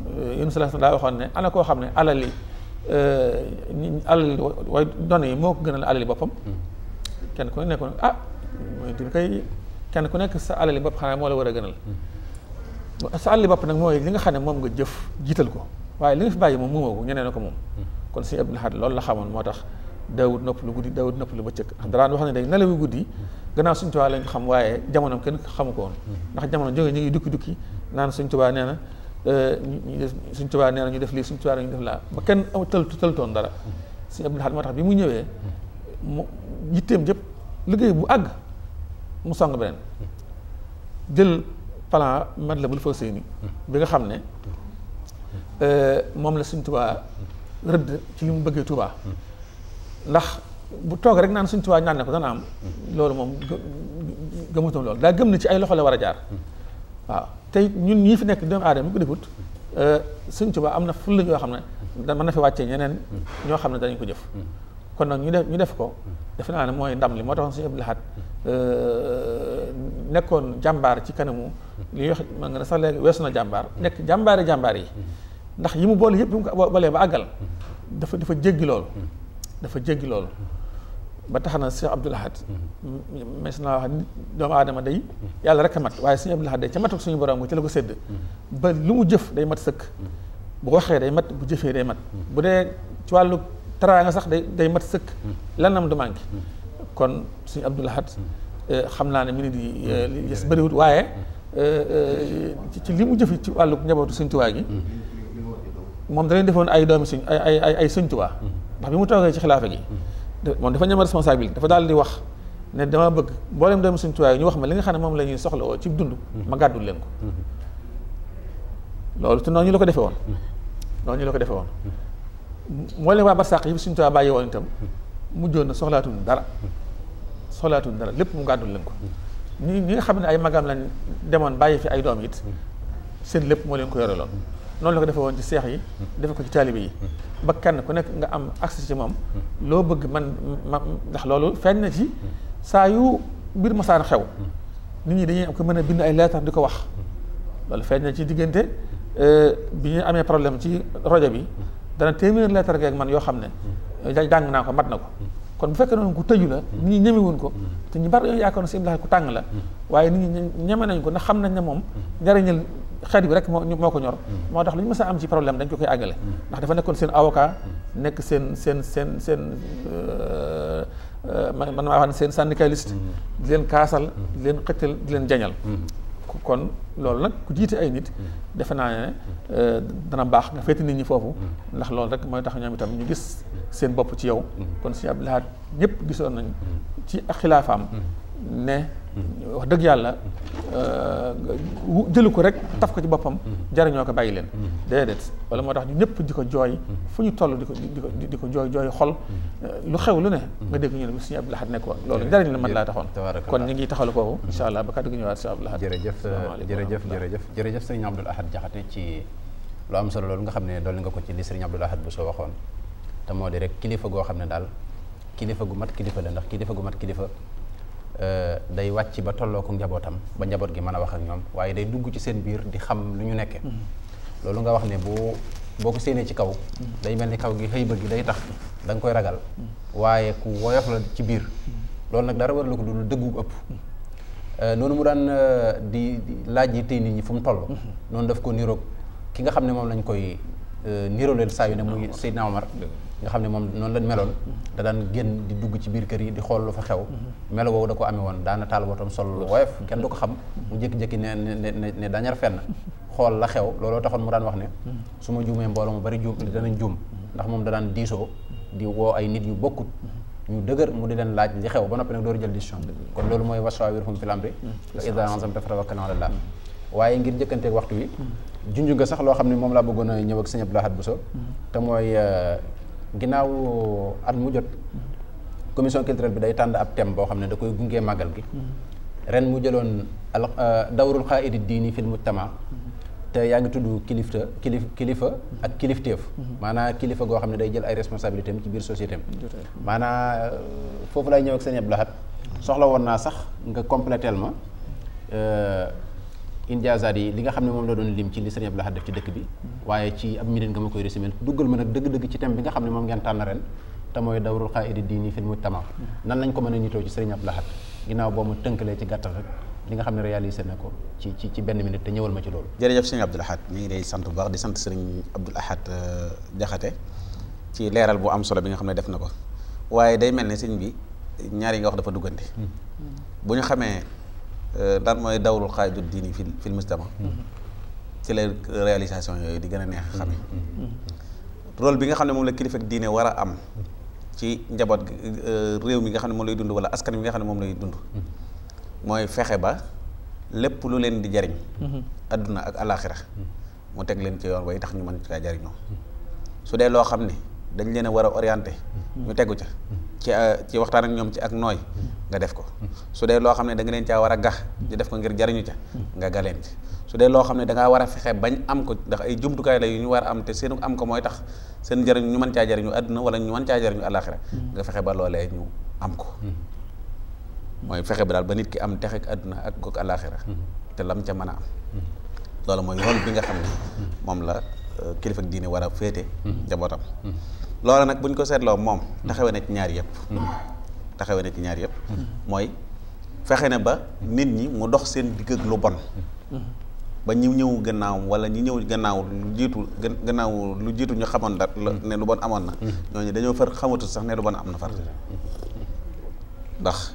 Euh, Yunus alayhi salaam daa waxoon ne ana koo xam ne alal yi euh, alal yi way yi moo ko gënal alal yi boppam hmm. kenn ku nekkoon ah mooy ku nekk sa alal yi bopp xanaa moo la war a gënal hmm. sa alal yi bopp nag mooy li nga xam ne moom nga jëf jiital ko waaye li nga fi bàyyi moom moomoo ko ñeneen ko moom hmm. kon suñu Abdul Ahad loolu la xamoon moo tax daawut nopp lu guddi daawut nopp lu ba bëccëg ndax daraan wax ne day nelawu guddi gannaaw suñ tubaa lañ xam waaye jamonoom kenn xamu ko woon ndax jamono jógee ñu ngi dukki dukki naan suñ tubaa nee na Eh, ñu def suñ tubaab nee na ñu def lii suñ tubaab ñu def laa ba kenn aw tël tëltoon dara suñu Abdul Ahad moo tax bi mu ñëwee mu jitteem jëpp liggéey bu àgg mu song beneen jël plan Matlabul Fawzayni bi nga xam ne eh, moom la suñ tubaab rëdd ci li mu bëggee tubaab ndax bu toog rek naan suñ tubaab ñaan ne ko dana am loolu moom gëmutoon loolu daa gëm ne ci ay loxo la war a jaar waaw tey ñun ñii fi nekk doomu aadama bu ko defut euh, Sëñ am na fulla yoo xam ne mën na fi wàcce ñeneen ñoo xam ne danañ ko jëf kon nag ñu def ñu def ko defe naa ne mooy ndam li moo taxoon Sëñ Abdul Ahad euh, nekkoon jàmbaar ci kanamu li ñuy ma nga ne sax léegi weesu na jàmbaar nekk jàmbaari jàmbaar yi ndax yi mu boole yëpp bi mu ba àggal dafa dafa jéggi loolu dafa jéggi loolu ba tax na Cheikh Abdoul Ahad mes naa wax doomu aadama day yàlla rek mat waaye suñu Abdoul Ahad day ca matak suñu borom ci la ko sedd ba lu mu jëf day mat sëkk bu waxee day mat bu jëfee day mat bu dee ci wàllu teraanga sax day day mat sëkk lan lanam du manqué kon suñu Abdoul Ahad eh, xam naa ne minit yi yes eh, bëriwut waaye eh, ci li mu jëf ci wàllu njabootu Sëñ gi moom da defoon ay doomi suñ ay ay ay Sëñ Tuubaa ndax bi mu toogee ci xilaafa gi moom dafa ñam responsabilité dafa daal di wax ne dama bëgg mboolem doomu Sëriñ Tuubaa ñu wax ma li nga xam ne moom la ñuy soxla woo ci dund ma mhm. gàddul leen ko mhm. loolu te noonu ñu la ko defee woon mhm. noonu ñu la ko defee woon moo ba waa barsàq yi Sëriñ Tuubaa bàyyi woon itam mujjoon na soxlaatuñu dara soxlaatuñu dara lépp mu gàddul leen ko ñi ñi nga xam ne ay magam lañ demoon bàyyi fi ay doom it seen lépp moo leen ko yore yoreloon noonu la ko defee woon ci seex yi defe ko ci taalibe yi ba kenn ku nekk nga am accès ci moom loo bëgg man ma ndax loolu feeñ na ci saa yu mbir masaan xew nit ñi dañuy ko mën a bind ay leetar di ko wax loolu feeñ na ci diggante euh, bi ñu amee problème ci rajo bi dana téeméer leetar geeg man yoo xam ne jàng naa ko mat na ko kon bu fekkee noonu ku tëju la nit ñi ñemewuñ ko te ñu bari dañoo yaakaar na si Ibrahima ku tàng la waaye nit ñi ñeme nañ ko ndax xam nañ ne moom njariñal xeet bi rek moo moo ko ñor mm. moo tax lu ñu mës a am ci problème dañ ko koy àggale mm. ndax dafa nekkoon seen avocat mm. nekk seen seen seen seen euh, euh, man ma wax ne seen syndicaliste di leen kaasal di leen xëccal di leen jañal kon loolu nag ku jiite ay nit defe naa ne euh, dana baax nga féeti nit ñi foofu ndax loolu rek mooy tax ñoom itam ñu gis seen bopp ci yow kon si Abdou Lahad ñëpp gisoon nañ ci xilaafaam ne wax dëgg yàlla euh, jëlu ko rek taf ko ci boppam jariñoo ko bàyyi leen déedéet wala moo tax ñu ñëpp di ko jooy fu ñu toll di ko di ko di jooy jooy xol lu xew lu ne nga dégg ñu ne bi suñu Abdou Lahad nekkoon loolu njariñ la man laa taxoon kon ñu ngi taxalu kooku incha allah ba kàddu gi ñëwaat si Abdou Lahad jërëjëf jërëjëf jërëjëf jërëjëf sëriñ Abdou Lahad Jaxate ci am solo loolu nga xam ne dool dolli nga ko ci li sëriñ Abdou Lahad bu soo waxoon te moo di rek kilifa goo xam ne daal kilifa gu mat kilifa la ndax kilifa gu mat kilifa Euh, day wàcc ba tolloo ko njabootam ba njaboot gi mën a wax ak ñoom waaye day dugg ci seen biir di xam lu ñu nekke mm-hmm. loolu nga wax ne boo boo ko séenee ci kaw mm-hmm. day mel ni kaw gi xëy bëgg day tax da koy ragal mm-hmm. waaye ku woyof la ci biir loolu nag dara war la ko dul dëggu ëpp euh, noonu mu daan euh, di laaj yi tey nit ñi fu mu toll noonu daf ko niroog ki nga xam ne moom lañ koy nirooleel saa yu ne muy Seydina Omar nga xam ne moom noonu la meloon da daan génn di dugg ci biir kër yi di xool lu fa xew melo da ko amee woon daana taal wotoom sol lu woyof kenn du ko xam mu jékki-jékki ne ne ne dañar fenn xool la xew looloo taxoon mu daan wax ne su ma juumee mbooloo mu bari juum danañ juum ndax moom da daan diisoo di woo ay nit yu bokkut ñu dëgër mu di leen laaj li xew ba noppi nag dooru jël décision kon loolu mooy wasaawirhum fil amri wa idha azamta fatawakkal ala Allah waaye ngir njëkkanteeg waxtu wi junj nga sax loo xam ne moom laa bëggoon ñëw ak sëñ Abdou Lahad te mooy euh, ginnaaw at mu jot commission culturelle bi day tànd ab thème boo xam ne da koy gungee màggal gi ren mu jëloon al euh, dawrul xaayidi diini fil mujtama te yaa ngi tudd kilifta kilif kilifa ak kilifteef maanaa kilifa goo xam ne day jël ay responsabilité am ci biir société am maanaa euh, foofu lay ñëw ak sëñ Abdou Lahad soxla woon naa sax nga complétel ma euh, injaazaat yi li nga xam ne moom la doon lim ci li sëriñ Abdou Lahad def ci dëkk bi waaye ci ab minute nga ma koy résumé duggal ma nag dëgg-dëgg ci thème bi nga xam ne moom ngeen tànn te mooy dawrul xaa'idi diini fil mujtama nan lañ ko mën a nitoo ci sëriñ Abdou Lahad ginnaaw boo ma tënkalee ci gàttal rek li nga xam ne réalisé na ko ci ci ci benn minute te ñëwal ma ci loolu jërëjëf sëriñ Abdou Lahad ñu ngi lay sant sëriñ Abdou Lahad Jaxate euh, ci leeral bu am solo bi nga xam ne def na ko waaye day mel ne sëriñ bi ñaar yi dafa duggante hmm. bu ñu xamee Euh, lan mooy dawrul xaaju diini fi fil mujtama mm-hmm. ci lay réalisation yooyu di gën a neex xame mm-hmm. mm-hmm. rôle bi nga xam ne moom la kilifa diine war a am ci njaboot euh, réew mi nga xam ne moom lay dund wala askan wi nga xam ne moom lay dund mooy fexe ba lépp lu leen di jariñ adduna ak alaaxira mu teg leen ci yoon way tax ñu mën kaa jariñoo su dee loo xam ne dañ leen a war a orienté ñu tegu ca ci euh, ci waxtaan ak ñoom ci ak nooy nga def ko su dee loo xam ne da nga leen caa war a gax ñu def ko ngir jariñu ca nga galeen ci su dee loo xam ne da ngaa war a fexe bañ am ko ndax ay jumtukaay la yu ñu war a am te seenu am ko mooy tax seen jariñ ñu mën caa jariñu àdduna wala ñu mën caa jariñu àllaaxira nga fexe ba loolee ñu am ko mooy fexe ba daal ba nit ki am texe ak àdduna ak goog àllaaxira te lam ca mën a am loolu mooy yoon moom la kilifa diine war a féete mm-hmm. njabootam mm-hmm. loola nag buñ ko seetloo moom mm-hmm. taxawee na ci ñaar yëpp taxawee na ci ñaar yëpp mooy fexe ne ba nit ñi mu dox seen digg ak lu bon ba ñu ñëw gannaaw wala ñu ñëw gannaaw lu jiitu gannaaw lu jiitu ñu xamoon dara ne lu bon amoon na ñooñu dañoo far xamatu sax ne lu bon am na far ndax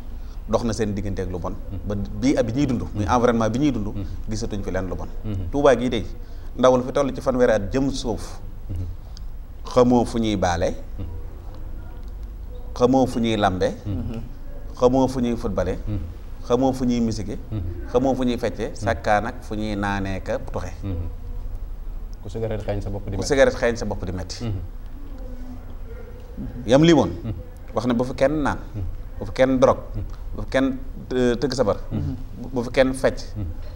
dox na seen diggante ak lu bon ba bii ab bi ñuy dund muy environnement bi ñuy dund gisatuñ fi leen lu bon tuubaa gii dey ndaw lu fi toll ci fanweeri at jëm suuf xamoo fu ñuy baale xamoo fu ñuy lambe xamoo fu ñuy futbale xamoo fu ñuy misike xamoo fu ñuy fecce sàkkaan ak fu ñuy naanee ka tuxe ku cigarette xeeñ sa bopp di metti sa bopp di metti mm-hmm. yam lii woon mm-hmm. wax ne bu fi kenn naan mm-hmm. bu fi kenn drogue bu fi kenn euh, tëgg sabar bu fi kenn fecc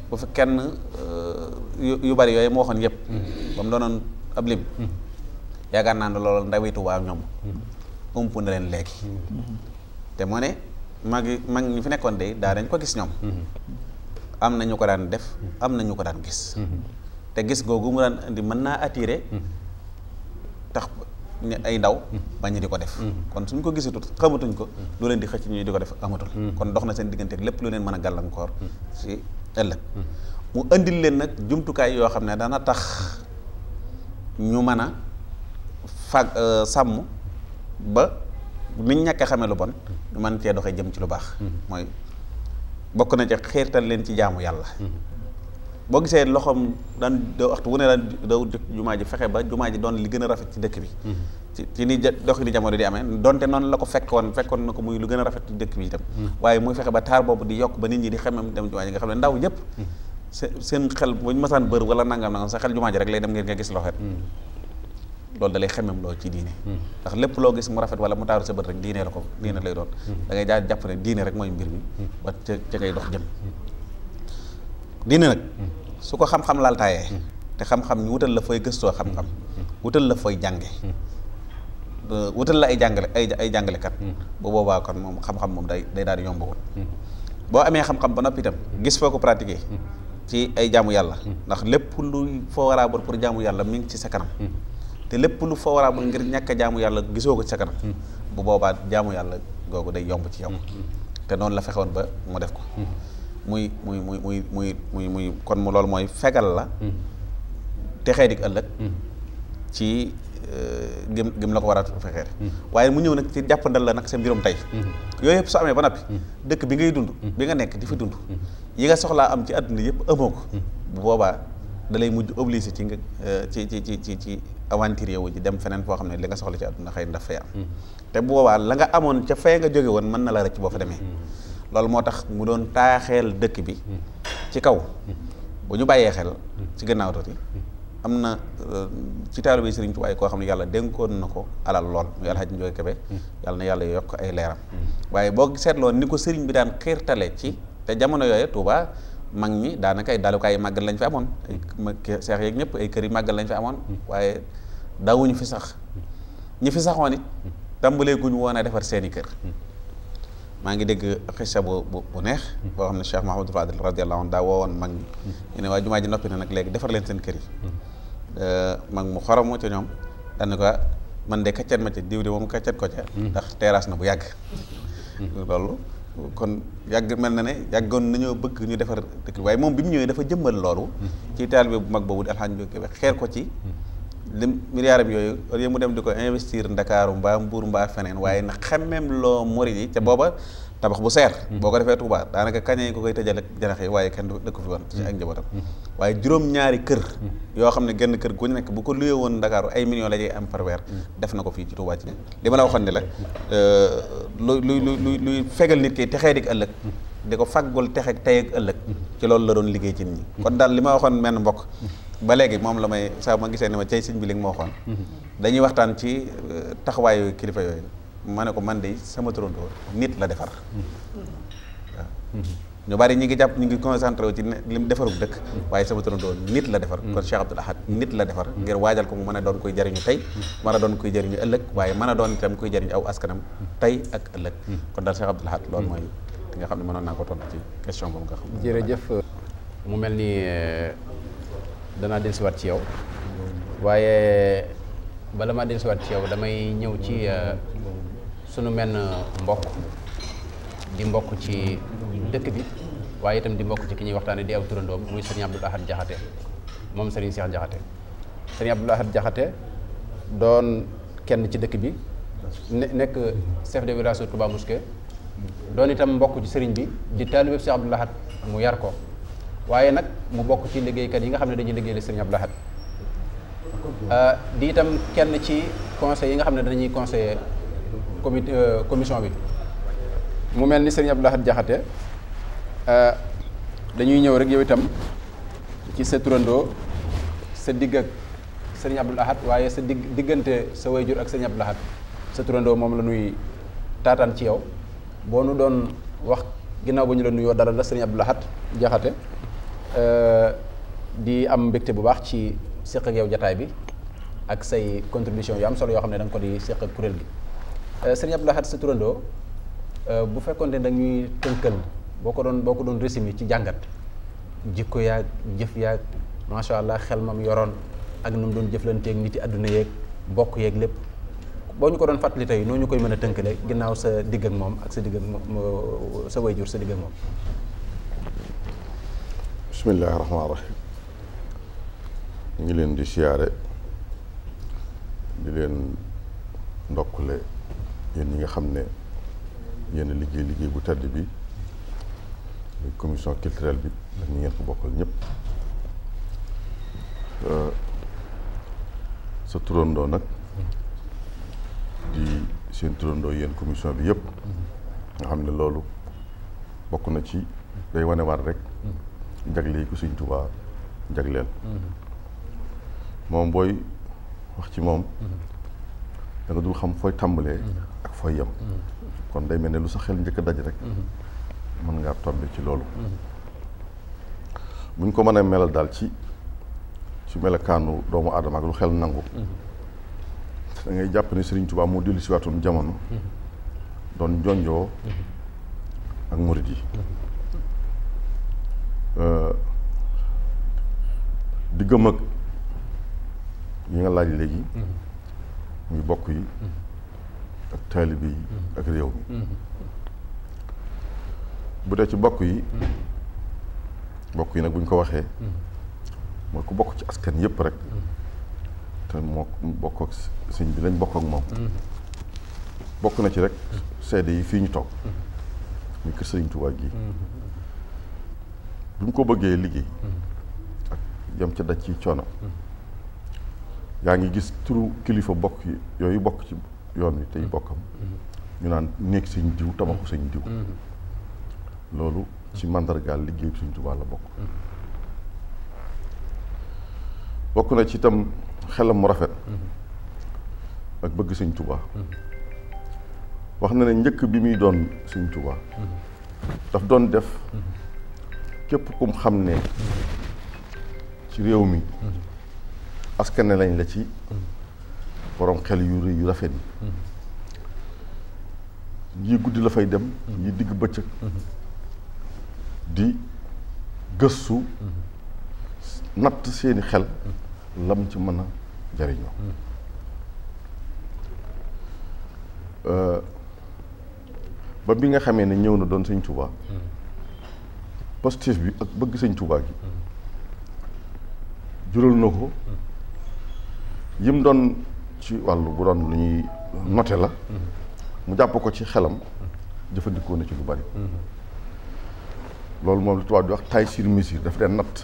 bu fi kenn euh, yu bari yooyu mu waxoon yëpp mm-hmm. ba mu doonoon ab lim mm-hmm. yaakaar naa ne loolu ndawi ñoom mm-hmm. ump na leen léegi te mu ne mag mag ñu fi nekkoon de daa dañ ko gis ñoom am na ñu ko daan def am na ñu ko daan gis te gis googu mu daan indi mën naa attirer tax ay ndaw bañ di ko def kon suñ ko gisatut xamatuñ ko lu leen di xëcc ñuy di ko def amatul kon dox na seen diggante lépp lu leen mën a gàllankoor ëllëg mu indil leen nag jumtukaay yoo xam ne dana tax ñu mën a fag euh, sàmm ba niñ ñàkk a xamee lu bon ñu mën cee doxee jëm ci lu baax mm-hmm. mooy bokk na ci xiirtal leen ci jaamu yàlla mm-hmm. boo gisee loxoom daan da waxtu wu ne daan daw jumaa ji fexe ba jumaa ji doon li gën a rafet ci dëkk bi mm-hmm. ci ci ni doxi ni jamono di amee donte noonu la ko fekkoon fekkoon na ko muy lu gën a rafet ci dëkk bi itam mm-hmm. waaye muy fexe ba taar boobu di yokk ba nit ñi di xemem dem jumaa ji nga xam ne ndaw yëpp mm-hmm. seen xel buñ masaan bër wala nangam nangam sa xel jumaa ji rek lay dem ngeen nga gis loxet loolu da lay xemem loo ci diine ndax lépp loo gis mu rafet wala mu taaru sa bët rek diine la ko diine lay doon da ngay jaa jàpp ne diine rek mooy mbir mi ba ca ca dox jëm diine nag su ko xam-xam laal taayee te xam-xam ñu wutal la fooy gëstoo xam-xam wutal la fooy jànge wutal la ay jàngale ay ay jàngalekat bu boobaa kon moom xam-xam moom day day daal di yomb woon boo amee xam-xam ba noppi itam gis foo ko pratiquer ci ay jaamu yàlla ndax lépp lu foo waraabul pour jaamu yàlla mi ngi ci sa kanam te lépp lu foo waraabul ngir ñàkk a jaamu yàlla gisoo ko ci sa kanam bu boobaat jaamu yàlla googu day yomb ci yow te noonu la fexewoon ba mu def ko muy muy muy muy muy muy muy kon mu loolu mooy fegal la hmm. texee dik ëllëg hmm. ci euh, gëm gëm la ko war a fexeer hmm. waaye mu ñëw nag ci jàppandal la nag sa mbirum tey yooyu yëpp su amee ba noppi dëkk bi ngay dund bi nga nekk di fi dund yi nga soxlaa am ci àdduna yëpp amoo ko bu boobaa da lay mujj obligé ci nga euh, ci ci ci ci ci aventure wu ji dem feneen foo xam ne li nga soxla ci àdduna xëy na daf fay am te bu boobaa la nga amoon ca fay nga jóge woon mën na la rëcc boo fa demee loolu moo tax mu doon taaxeel dëkk bi ci kaw bu ñu bàyyee xel ci gannaaw tuuti am na euh, ci taalu bi Sëriñ Tuubaa koo xam ne yàlla dénkoon na ko alal lool muy alxaj Njóoy Kebe yàlla na yàlla yokk ay leeram waaye boo seetloon ni ko sëriñ bi daan xiirtale ci te jamono yooyu Tuubaa mag mi daanaka ay dalukaay màggal lañ fi amoon ay seex yeeg ñëpp ay kër yi màggal lañ fi amoon waaye dawuñu fi sax ñi fi saxoon it tàmbalee woon a defar seeni kër maa ngi dégg xisa bu bu neex boo xam ne Cheikh Mahamadou Fadil radiyallahu anhu daa woowoon mag ñi ñu ne waa jumaa ji noppi na nag léegi defar leen seen kër yi euh, mag mu xoromu ca ñoom daan ko man de kaccat ma ca diw de moom kaccat ko ca ndax teraas na bu yàgg loolu kon yàgg mel na ne yàggoon nañoo bëgg ñu defar dëkk bi waaye moom bi mu ñëwee dafa jëmmal loolu ci taalibe bu mag boobu di alxaaj jóge bi xeer ko ci lim milliard yooyu au mu dem di ko investir ndakaaru mbaa mbuur mbaa feneen waaye na xemmeem loo morit yi te booba tabax bu seer hmm. boo ko defee Tuubaa daanaka kañee ko koy tëjal ak janax yi waaye kenn dëkk fi woon ci hmm. waaye juróom-ñaari kër hmm. yoo xam ne genn kër gu nekk bu ko luyee woon ndakaaru ay millions la ñuy am def na ko fii ci Tuubaa ci li ma la waxoon ne la lu euh, luy texee dik ëllëg di ko faggul texe tey ëllëg ci loolu la doon liggéey ci nit ñi kon daal li ma waxoon menn mbokk ba léegi moom la may saa ma gisee ne ma cey sëñ bi li nga ma waxoon mhm. dañuy waxtaan ci euh, taxawaayu kilifa yooyu ma ne ko man de sama turandoo nit la defar mhm. waaw ñu bari ñi ngi jàpp ñi ngi concentré wu ci li mu defarul dëkk mhm. waaye sama turandoo nit la defar kon Cheikh Abdoul Ahad nit la defar ngir waajal ko mu mën a doon koy jariñu tey mën a doon kuy jariñu ëllëg waaye mën a doon itam koy jariñu aw askanam tey ak ëllëg kon daal Cheikh Abdoul Ahad loolu mooy li nga xam ne mënoon naa ko tontu ci question boobu nga xam jërëjëf mu mel ni euh, danaa dellusiwaat ci yow waaye bala maa dellusiwaat ci yow damay ñëw ci euh, sunu menn mbokk di mbokk ci dëkk bi waaye itam di mbokk ci ki ñuy waxtaane di aw turandoom muy sëriñ Abdoul Ahad Jaxate moom sëriñ Cheikh Jaxate sëriñ Abdoul Ahad Jaxate doon kenn ci dëkk bi nekk chef de village Touba Mosquée doon itam mbokk ci sëriñ bi di taalibe Cheikh Abdoul Ahad mu yar ko waaye nag mu bokk ci liggéeykat yi nga xam ne dañuy liggéeyal Sëriñ ab Lahad euh, di itam kenn ci conseil yi nga xam ne dañuy conseiller comité euh, commission bi mu mel ni Sëriñ Abdou Lahad Jaxate euh, dañuy ñëw rek yow itam ci sa turandoo sa digg ak Sëriñ Abdou Lahad waaye sa digg diggante sa jur ak Sëriñ Abdou Lahad moom la nuy taataan ci yow boo nu doon wax ginnaaw ba ñu la nuyoo dara la Sëriñ Abdou Lahad Jaxate Euh, di am mbégte bu baax ci séq ak yow jataay bi ak say contribution yoo am solo yoo xam ne da ko di séq ak kuréel gi euh, sëriñ Abdou Lahad sa turandoo euh, bu fekkoon ne dañuy tënkal boo ko doon boo ko doon résumé ci jàngat jikko yaag jëf yaag macha allah xel mam yoroon ak nu mu doon jëflanteeg nit yi àdduna yeeg bokk yeeg lépp boo ñu ko doon fàttali tey noo ñu koy mën a tënkale ginnaaw sa digg ak moom ak sa digg ak sa wayjur sa digg ak moom. bismillaahi rahmaani rahiim ñu ngi leen di siyaare di leen ndokkule yéen ñi nga xam ne yenn liggéey liggéey bu tedd bi commission culturelle bi ak ñi ngeen ko bokkal ñépp sa turandoo nag di seen turandoo yéen commission bi yëpp nga xam ne loolu bokk na ci day wanewaat rek jagle yi ko Sëriñ mm-hmm. moom booy wax ci moom mm-hmm. da nga dul xam fooy tàmbalee mm-hmm. ak fooy yem kon day mel ni lu sa xel njëkk a daj rek mën ngaa tombe ci loolu buñ ko mën a melal daal ci ci melokaanu doomu aadama ak lu xel nangu da ngay jàpp ne Sëriñ Tuubaa mu dellu si waatoon jamono doon jonjoo ak murid yi diggam ak yi nga laaj léegi muy bokk yi ak taalibe yi ak réew mi bu dee ci bokk yi bokk yi nag bu ñu ko waxee mooy ku bokk ci askan yëpp rek te moo bokk ak sëñ bi lañ bokk ak moom bokk na ci rek seede yi fii ñu toog muy kër sëriñ Tuubaa gi bi mu ko bëggee liggéey mm-hmm. ak jëm ca daj ci coono mm-hmm. yaa ngi gis turu kilifa bokk yooyu bokk ci yoon wi tey mm-hmm. bokkam ñu naan néeg sëñ diw tabaxu sëñ diw loolu ci màndargaal liggéey bi sëñ la bokk bokk na ci itam xelam mu rafet ak bëgg sëñ Tuubaa wax na ne njëkk bi muy doon sëñ Tuubaa daf doon def képp kum xam ne ci réew mi askane lañ la ci borom xel yu rëy yu rafet yi ñii guddi la fay dem ñii digg bëccëg di gëstu natt seeni xel lam ci mën a jariñoo euh, ba bi nga xamee ne ñëw na doon Sëñ Tuubaa pastif bi ak bëgg sañ Tuubaa gi jural na ko yim doon ci wàllu bu doon lu ñuy noté la mu jàpp ko ci xelam jëfandikoo na ci lu bari loolu moom lu tubaab di wax taille sur mesure daf dee natt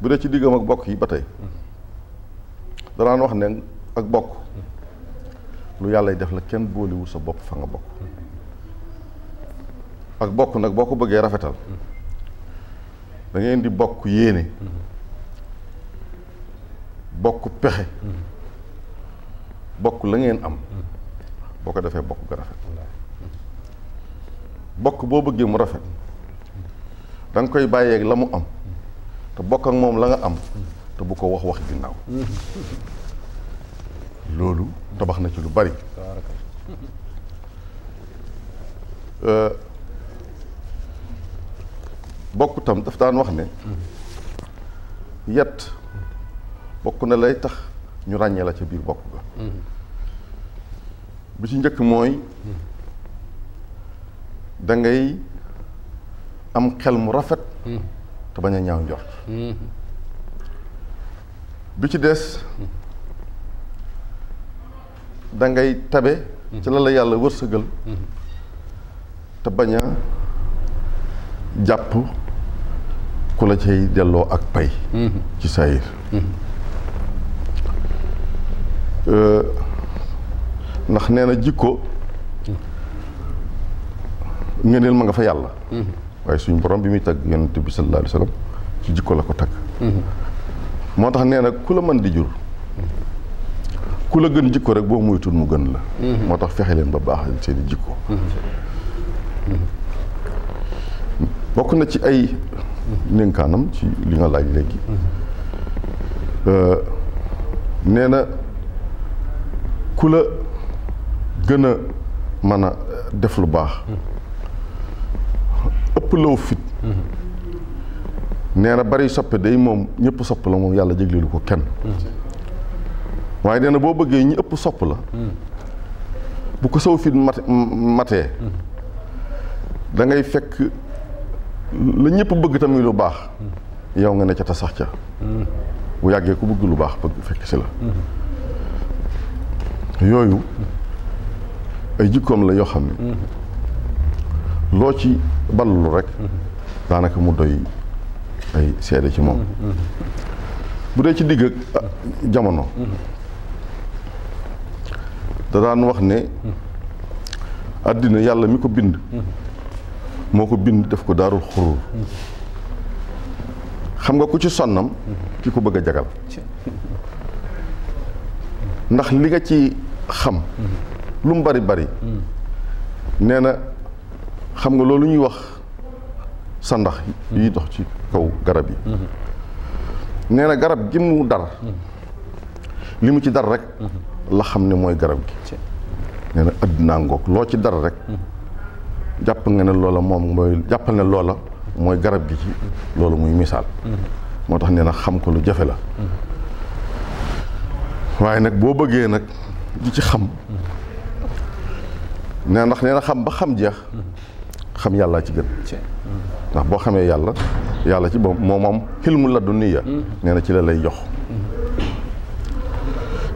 bu dee ci diggam ak bokk yi ba tey danaan wax ne ak bokk lu yàlla def la kenn boolewul sa bopp fa nga bokk ak bokk nag boo ko bëggee rafetal dangeen di bokk yéene bokk pexe bokk la ngeen am boo ko defee bokk ga rafet bokk boo bëggee mu rafet da koy bàyyeeg la mu am te bokk ak moom la nga am te bu ko wax wax ginnaaw loolu tabax na ci lu bari bokk itam daan wax ne yet bokk na lay tax ñu ràññee la ca biir bokk ga bi ci njëkk mooy dangay am xel mu rafet te bañ a ñaaw njort bi ci des dangay ngay tabe ci la la yàlla wërsëgal te bañ a jàpp ku la cay delloo ak pay mm-hmm. ci saayir mm-hmm. ndax nee na jikko mm-hmm. ngëneel ma nga fa yàlla waaye suñu borom bi muy tagg yonent bi sallallahu alayhi ci jikko la ko tagg moo tax nee nag ku la mën di jur ku la gën jikko rek boo muytul mu gën la moo tax fexe leen ba baax seeni jikko bokk na ci ay ndénkaanam ci li nga laaj léegi euh, nee na ku la gën a mën a def lu baax ëpp law fit nee na bari soppe day moom ñëpp sopp la moom yàlla jégleelu ko kenn waaye nee na boo bëggee ñi ëpp sopp la bu ko saw fit mat matee da fekk la ñëpp bëgg tamit lu baax yow nga ne ca ta sax ca bu yàggee ku bëgg lu baax bëgg fekk si la yooyu ay jikkoom la yoo xam ne loo ci ballu rek daanaka mu doy ay seede ci moom bu dee ci digg ak ah, jamono da wax ne àddina yàlla mi ko bind moo ko bind def ko daarul xurur xam nga ku ci sonnam ki ko bëgg a jagal ndax li nga ci xam lu mu bari bari nee na xam nga loolu ñuy wax sa ndax yi dox ci kaw garab yi nee na garab gi mu dar li mu ci dar rek la xam ne mooy garab gi nee na àddinaa ngoog loo ci dar rek mm-hmm. jàpp nga ne loola moom mooy jàppal ne loola mooy garab gi ci loolu muy misaal mm-hmm. moo tax nee na xam ko lu jafe la mm-hmm. waaye nag boo bëggee nag di ci xam mm-hmm. na ndax nee na xam ba xam jeex xam yàllaa ci gën ndax boo xamee yàlla yàlla ci boobu moom moom xilmu la du niya nee na ci la lay jox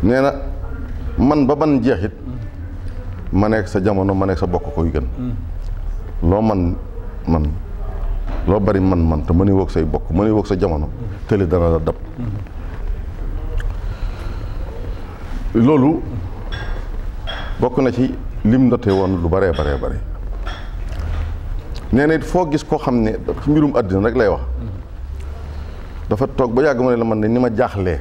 nee na man ba ban jeexit ma nekk sa jamono ma nekk sa bokk koy gën loo man man loo bari man man te mënuy woog say bokk mënuy woog sa jamono tële dana la dab loolu bokk na ci lim ndote woon lu baree baree bari nee na it foo gis koo xam ne ci mbirum àddina rek lay wax dafa toog ba yàgg ma ne la man ne ni ma jaaxlee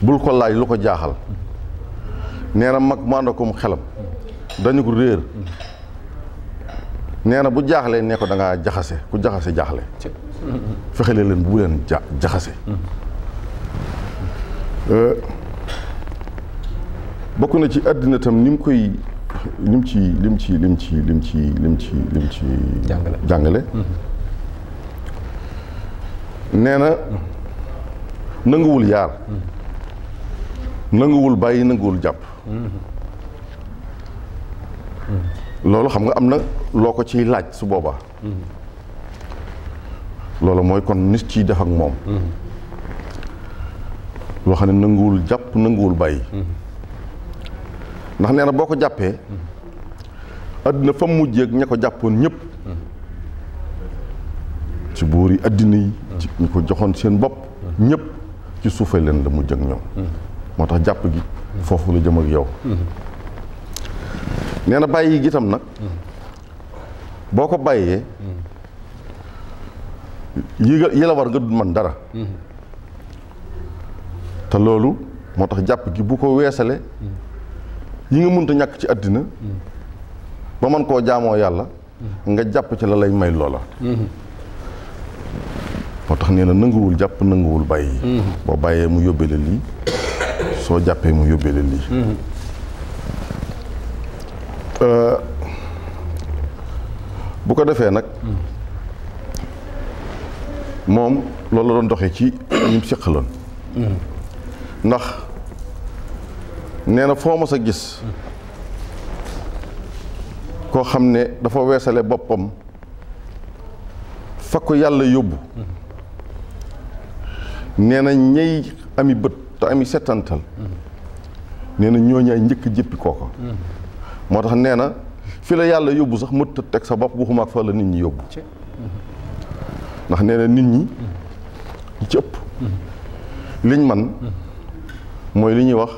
bul ko laaj lu ko jaaxal nee na mag mu ànd akum xelam dañu ko réer nee na bu jaaxlee ne ko da jaxase ku jaxase jaaxle fexele leen bu leen jaxase euh, bokk na ci àddina tam ni koy lim ci lim ci lim ci lim ci lim ci lim ci jàngale nee na nanguwul yaar nënguwul bàyyi nanguwul jàpp loolu xam nga am na loo ko ciy laaj su boobaa. loolu mooy kon nit ciy def ak moom. loo xam ne nanguwul jàpp nanguwul bàyyi. ndax nee na boo ko jàppee. àddina fa mujjee ña ko jàppoon ñëpp. ci buur yi àddina yi. ñu ko joxoon seen bopp. ñëpp ci suufee leen la mujj ak ñoom. moo tax jàpp gi. foofu la jëm ak yow. nee na bàyyi itam nag boo ko bàyyee yi yi la nga dul man dara te loolu moo tax jàpp gi bu ko weesale yi nga mënta ñàkk ci àddina ba mën koo jaamoo yàlla nga jàpp ci la lay may loola moo tax nee na nanguwul jàpp nanguwul bàyyi mm-hmm. boo bàyyee mu yóbbee la lii soo jàppee mu yóbbee la lii mm-hmm. Euh, bu ko defee nag moom loolu la doon doxe ci ñim siqaloon ndax nee na foo mas a gis koo xam ne dafa weesale boppam fa ko yàlla yóbbu nee na ñey ami bët te ami settantal nee na ñooñaay njëkk jëppi kooko moo tax nee na fi la yàlla yóbbu sax mët teg sa bopp waxuma ak fa la nit ñi yóbbu ndax nee na nit ñi ñi ci ëpp liñ man mooy li ñuy wax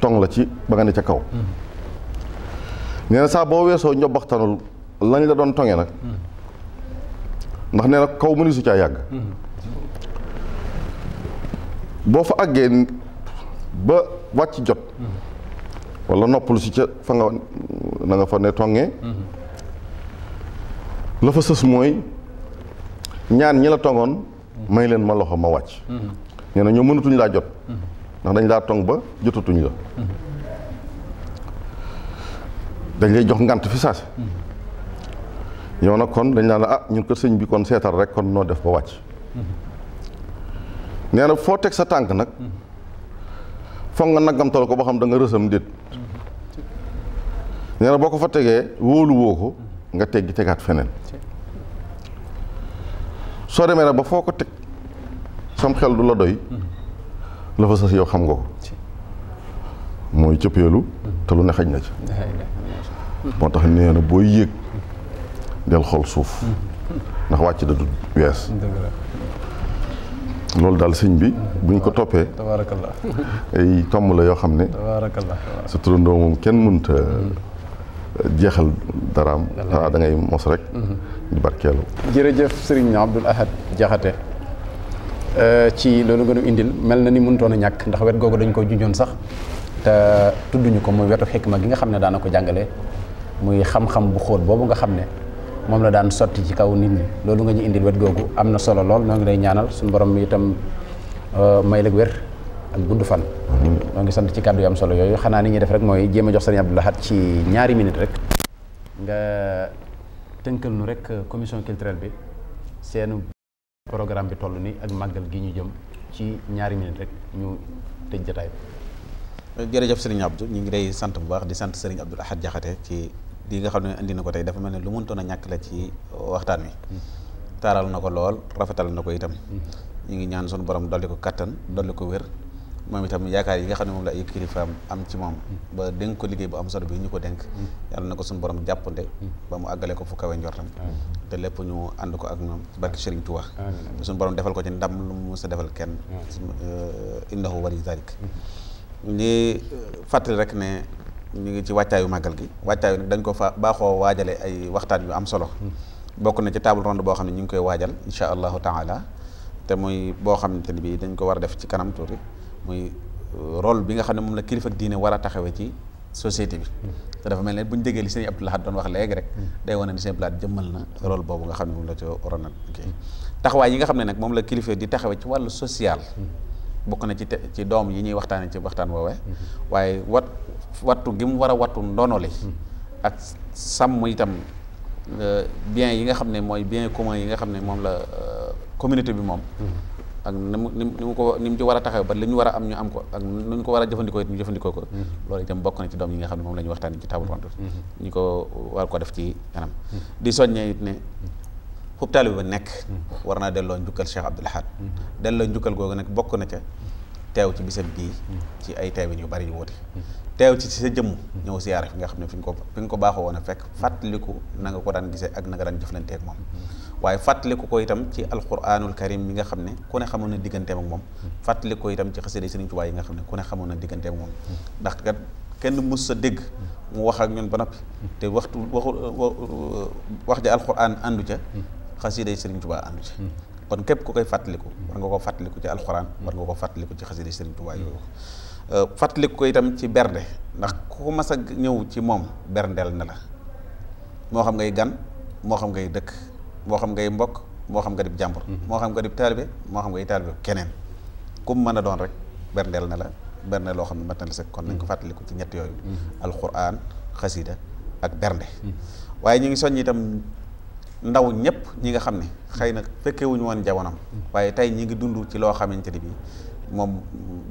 tong la ci ba nga ne ca kaw nee na saa boo weesoo njobaxtanul lañ la doon tonge nag ndax nee na kaw mënu su caa yàgg boo fa àggee ba wàcc jot wala noppalu si ca fa nga na nga fa ne tongee la fa sës mooy ñaan ñi la tongoon may leen ma loxo ma wàcc nee ñoo mënatuñ daa jot ndax dañ laa tong ba jotatuñ la dañ lay jox ngant fi saasi yow kon dañ naan la ah ñun sëñ bi kon seetal rek kon noo def ko wàcc nee foo teg sa tànk nag foog nga naggamtal ko ba xam da nga rësam déet mm-hmm. nee boo ko fa tegee wóolu ko nga teggi tegaat feneen soo demee nag ba foo ko teg sam xel du la doy mm-hmm. la fa sas yow xam nga ko mooy cëppeelu mm-hmm. te lu ne xaj na ci moo tax nee na booy yéeg del xool suuf ndax wàcc da du wees loolu daal sëñ bi buñ ko toppee. tabaarakallah ay tomb la yoo xam ne. tabaarakallah sa turandoo moom kenn mënut jeexal daraam. dara da ngay mos rek. di barkeelu. jërëjëf sëriñ Abdoul Ahad Jaxate euh, ci loolu gënu indil mel na ni mënutoon a ñàkk ndax wet googu dañ ko junjoon sax te tudduñu ko muy wetu xikma gi nga xam ne daana ko jàngale muy xam-xam bu xóot boobu nga xam ne. moom la daan sotti ci kaw nit ñi loolu nga ñu indil wet googu am na solo lool noo ngi lay ñaanal suñu borom itam euh, may la wér ak gudd fan. noo ngi sant ci kàddu yu am solo yooyu xanaa ni ñuy def rek mooy jéem jox sëriñ Abdou Lahad ci ñaari minute rek. nga tënkal nu rek euh, commission culturelle bi seenu programme bi toll ni ak màggal gi ñu jëm ci ñaari minute rek ñu tëj jotaay bi. jërëjëf sëriñ Abdou ñu ngi day sant bu baax di sant sëriñ Abdou Lahad Jaxate ci. di nga xam ne indi na ko tey dafa mel ne lu mëntoon a ñàkk la ci waxtaan wi taaral na ko lool rafetal na ko itam mm-hmm. ñu ngi ñaan sunu borom dolli ko kattan dolli ko wér moom itam yaakaar yi nga xam ne moom la ay kilifaam am ci moom mm-hmm. ba dénk ko liggéey bu am solo bi ñu ko dénk mm-hmm. yàlla na ko suñu borom jàppande ba mu àggale ko fu kawe njortam te lépp ñu ànd ko ak ñoom barki Sëriñ Tuuba suñu borom defal ko ci ndam lu mu sa defal kenn indahu wali zalik li fàttali rek ne ñu ngi ci wàccaayu màggal gi wàccaayu nag dañ ko fa baaxoo waajale ay waxtaan yu am solo hmm. bokk na ci table ronde boo xam ne ñu ngi koy waajal incha allahu taala te muy boo xamante ni bii dañ ko war a def ci kanam tuuti muy uh, rôle bi nga xam ne moom la kilifa diine war a taxawee ci société bi hmm. te dafa mel ne bu ñu déggee li sëñ Abdou doon wax léegi rek hmm. day wane ni sëñ Abdou Lahad jëmmal na rôle boobu nga xam ne moom la ci waroon a kii taxawaay yi nga xam ne nag moom la kilifa di taxawee ci wàllu social bokk na ci ci doom yi ñuy waxtaanee ci waxtaan woowee waaye wat wattu gi mu war a wattu ndono li hmm. ak sàmm itam euh, bien yi nga xam ne mooy bien commun yi nga xam ne moom la euh, communauté bi moom hmm. ak ni mu ni mu ko ni mu ci war a taxawee ba li ñu war a am ñu am ko ak nu ñu ko war a jëfandikoo it ñu jëfandikoo ko hmm. loolu itam bokk na ci doom yi nga xam ne moom la ñuy waxtaan ci table ronde ñu ko war ko def ci anam di soññee it ne fub taalibe nekk war naa delloo njukkal Cheikh Abdoul Ahad delloo njukkal googu nag bokk na ca teew ci bi bisam bii ci ay teewin yu bari yu wuti teew ci sa jëmm ñëw siyaare fi nga xam ne fi nga ko fi nga ko baaxoo woon a fekk fàttaliku na nga ko daan gisee ak na nga daan jëflanteek moom waaye fàttaliku ko itam ci alquranul karim mi nga xam ne ku ne xamoon na digganteem ak moom fàttaliku ko itam ci xasida Sëriñ Tuubaa yi nga xam ne ku ne xamoon na digganteem moom ndax kat kenn mus sa dégg mu wax ak ñun ba noppi te waxtu waxu wax ja alquran àndu ca xasida Sëriñ Tuubaa àndu ca kon képp ku koy fàttaliku war nga ko fàttaliku ci alxuraan war nga ko fàttaliku ci xasida Sëriñ Tuubaa yooyu euh, fàttaliku ko itam ci bernde ndax ku mas a ñëw ci moom berndel na la moo xam ngay gan moo xam ngay dëkk moo xam ngay mbokk moo xam nga dib jàmbur hmm. moo xam nga dib taalibe moo xam ngay taalibe keneen kum mën a doon rek berndeel na la bernde loo xam ne mat na kon nañ ko hmm. fàttaliku ci ñett yooyu hmm. alxuraan xasida ak bernde waaye ñu ngi soññ ndaw ñëpp ñi nga xam ne xëy na fekkewuñu woon jamonom waaye tey ñi ngi dundu ci loo xamante ne bii moom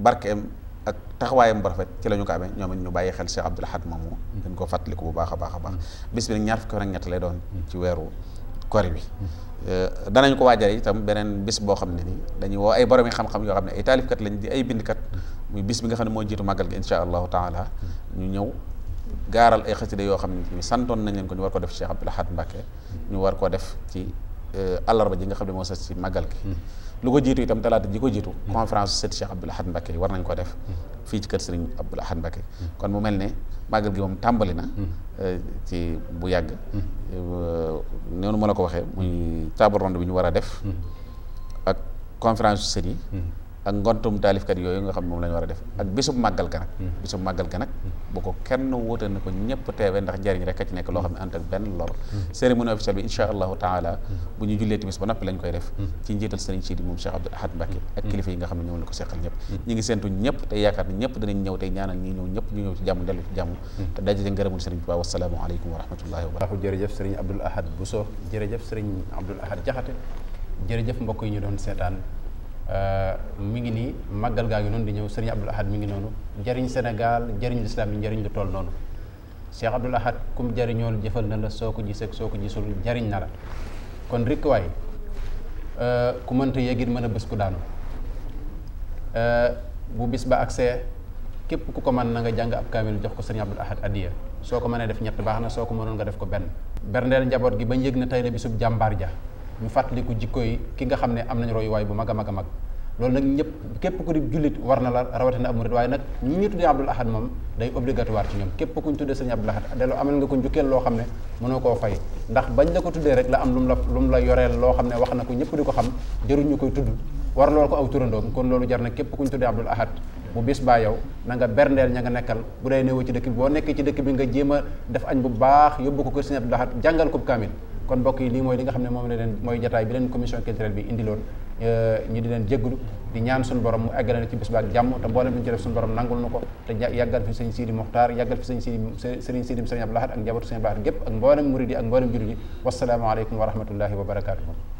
barkeem ak taxawaayam bu ci la ko amee ñoom it ñu bàyyi xel Cheikh Abdoul Ahad moomu dañ ko fàttaliku bu baax a baax a baax bis bi nag ñaar fukki lay doon ci weeru kori bi euh, danañ ko waajal itam beneen bis boo xam ne nii dañuy woo ay borom yi xam-xam yoo xam ne ay taalifkat lañ di ay bindkat muy bis bi nga xam ne moo jiitu màggal gi incha allahu taala ñu ñëw gaaral ay xasida yoo xam ne santoon nañ leen ko ñu war ko def Cheikh Abdoul Ahad def ci euh, àllarba ji nga xam ne moo sës ci màggal gi hmm. lu ko jiitu itam talaata ji ko jiitu hmm. conférence sët Cheikh Abdoul Ahad Mbacké war nañ ko def hmm. fii ci kër Serigne Abdoul Ahad Mbacké kon mu mel ne màggal gi moom tàmbali na euh, ci bu yàgg euh, noonu ma la ko waxee muy table ronde bi ñu war a def ak conférence sët yi ak ngontum taalifkat yooyu nga xam moom la ñu war a def ak bisub màggal ga nag mm. bisub màggal ga nag bu ko kenn wóotal ne ko ñëpp teewee ndax njariñ rek a ci nekk loo xam ne ànd ak benn lor mm. cérémonie officielle bi insha allahu taala mm. bu ñu jullee timis ba noppi lañ koy def ci njiital sëriñ Sidi moom Cheikh Abdou Ahad Mbacké ak kilifa yi nga xam ne ñoom la ko seqal ñëpp ñi ngi séntu ñëpp te yaakaar ne ñëpp danañ ñëw tey ñaanal ñi ñëw ñëpp ñu ñëw ci jàmm dellu ci jàmm te daje ngërëmul sëriñ Tuubaa wassalaamu aleykum wa rahmatullahi wa barakatuh jërëjëf sëriñ Abdou Ahad Bousso jërëjëf sëriñ Abdou Ahad Jaxate jërëjëf mbokk yi ñu doon seetaan Euh, mu ngi nii màggal gaa ngi noonu di ñëw sëriñ Abdul Ahad mi ngi noonu jëriñ Sénégal jëriñ lislaam yi njariñ lu toll noonu Cheikh Abdul Ahad kum jariñool jëfal na la soo ko gisee soo ko gisul jëriñ na kon rikk euh, ku mënta yéegit mën a bés ku daanu euh, bu bis ba akse képp ku ko man na nga jàng ab kaamil jox ko sëriñ Abdul Ahad addiya soo ko mënee def ñett baax na soo ko mënoon nga def ko benn berndeel njaboot gi bañ yëg na tey la bisub jàmbaar ja ñu fàttaliku jikko yi ki nga xam ne am nañu royuwaay bu mag a mag a mag loolu nag ñëpp képp ku di jullit war na la rawatina ab murid waaye nag ñi ñu tuddee Abdul Ahad moom day obligatoire ci ñoom képp ku ñu tuddee sëñ Abdul Ahad delloo amal nga ko njukkeel loo xam ne mënoo koo fay ndax bañ la ko tuddee rek la am lu mu la lu mu la yoreel loo xam ne wax na ko ñëpp di ko xam jëruñ koy tudd war loolu ko aw turandoom kon loolu jar na képp ku ñu tuddee Abdul Ahad yow na nga berndeel ña nga nekkal bu dee néew ci dëkk boo nekkee ci dëkk bi nga jéem a def añ bu baax yóbbu ko kër sëñ Abdul jàngal ko kaamil kon bokk yi lii mooy li nga xam ne moom la leen mooy jataay bi leen commission culturelle bi indiloon euh, ñu di leen jégglu di ñaan suñu borom mu eggale na ci bis baak jàmm te mboolem duñu ci def suñu borom nangul na ko te yàggal fi sëñ Sidi Mokhtar yàggal fi sëñ Sidi sëriñ Sidi sëriñ Abdou Lahad ak njabootu sëriñ Abdou Lahad gépp ak mboolem murid yi ak mboolem jullit yi wasalaamaaleykum wa rahmatullahi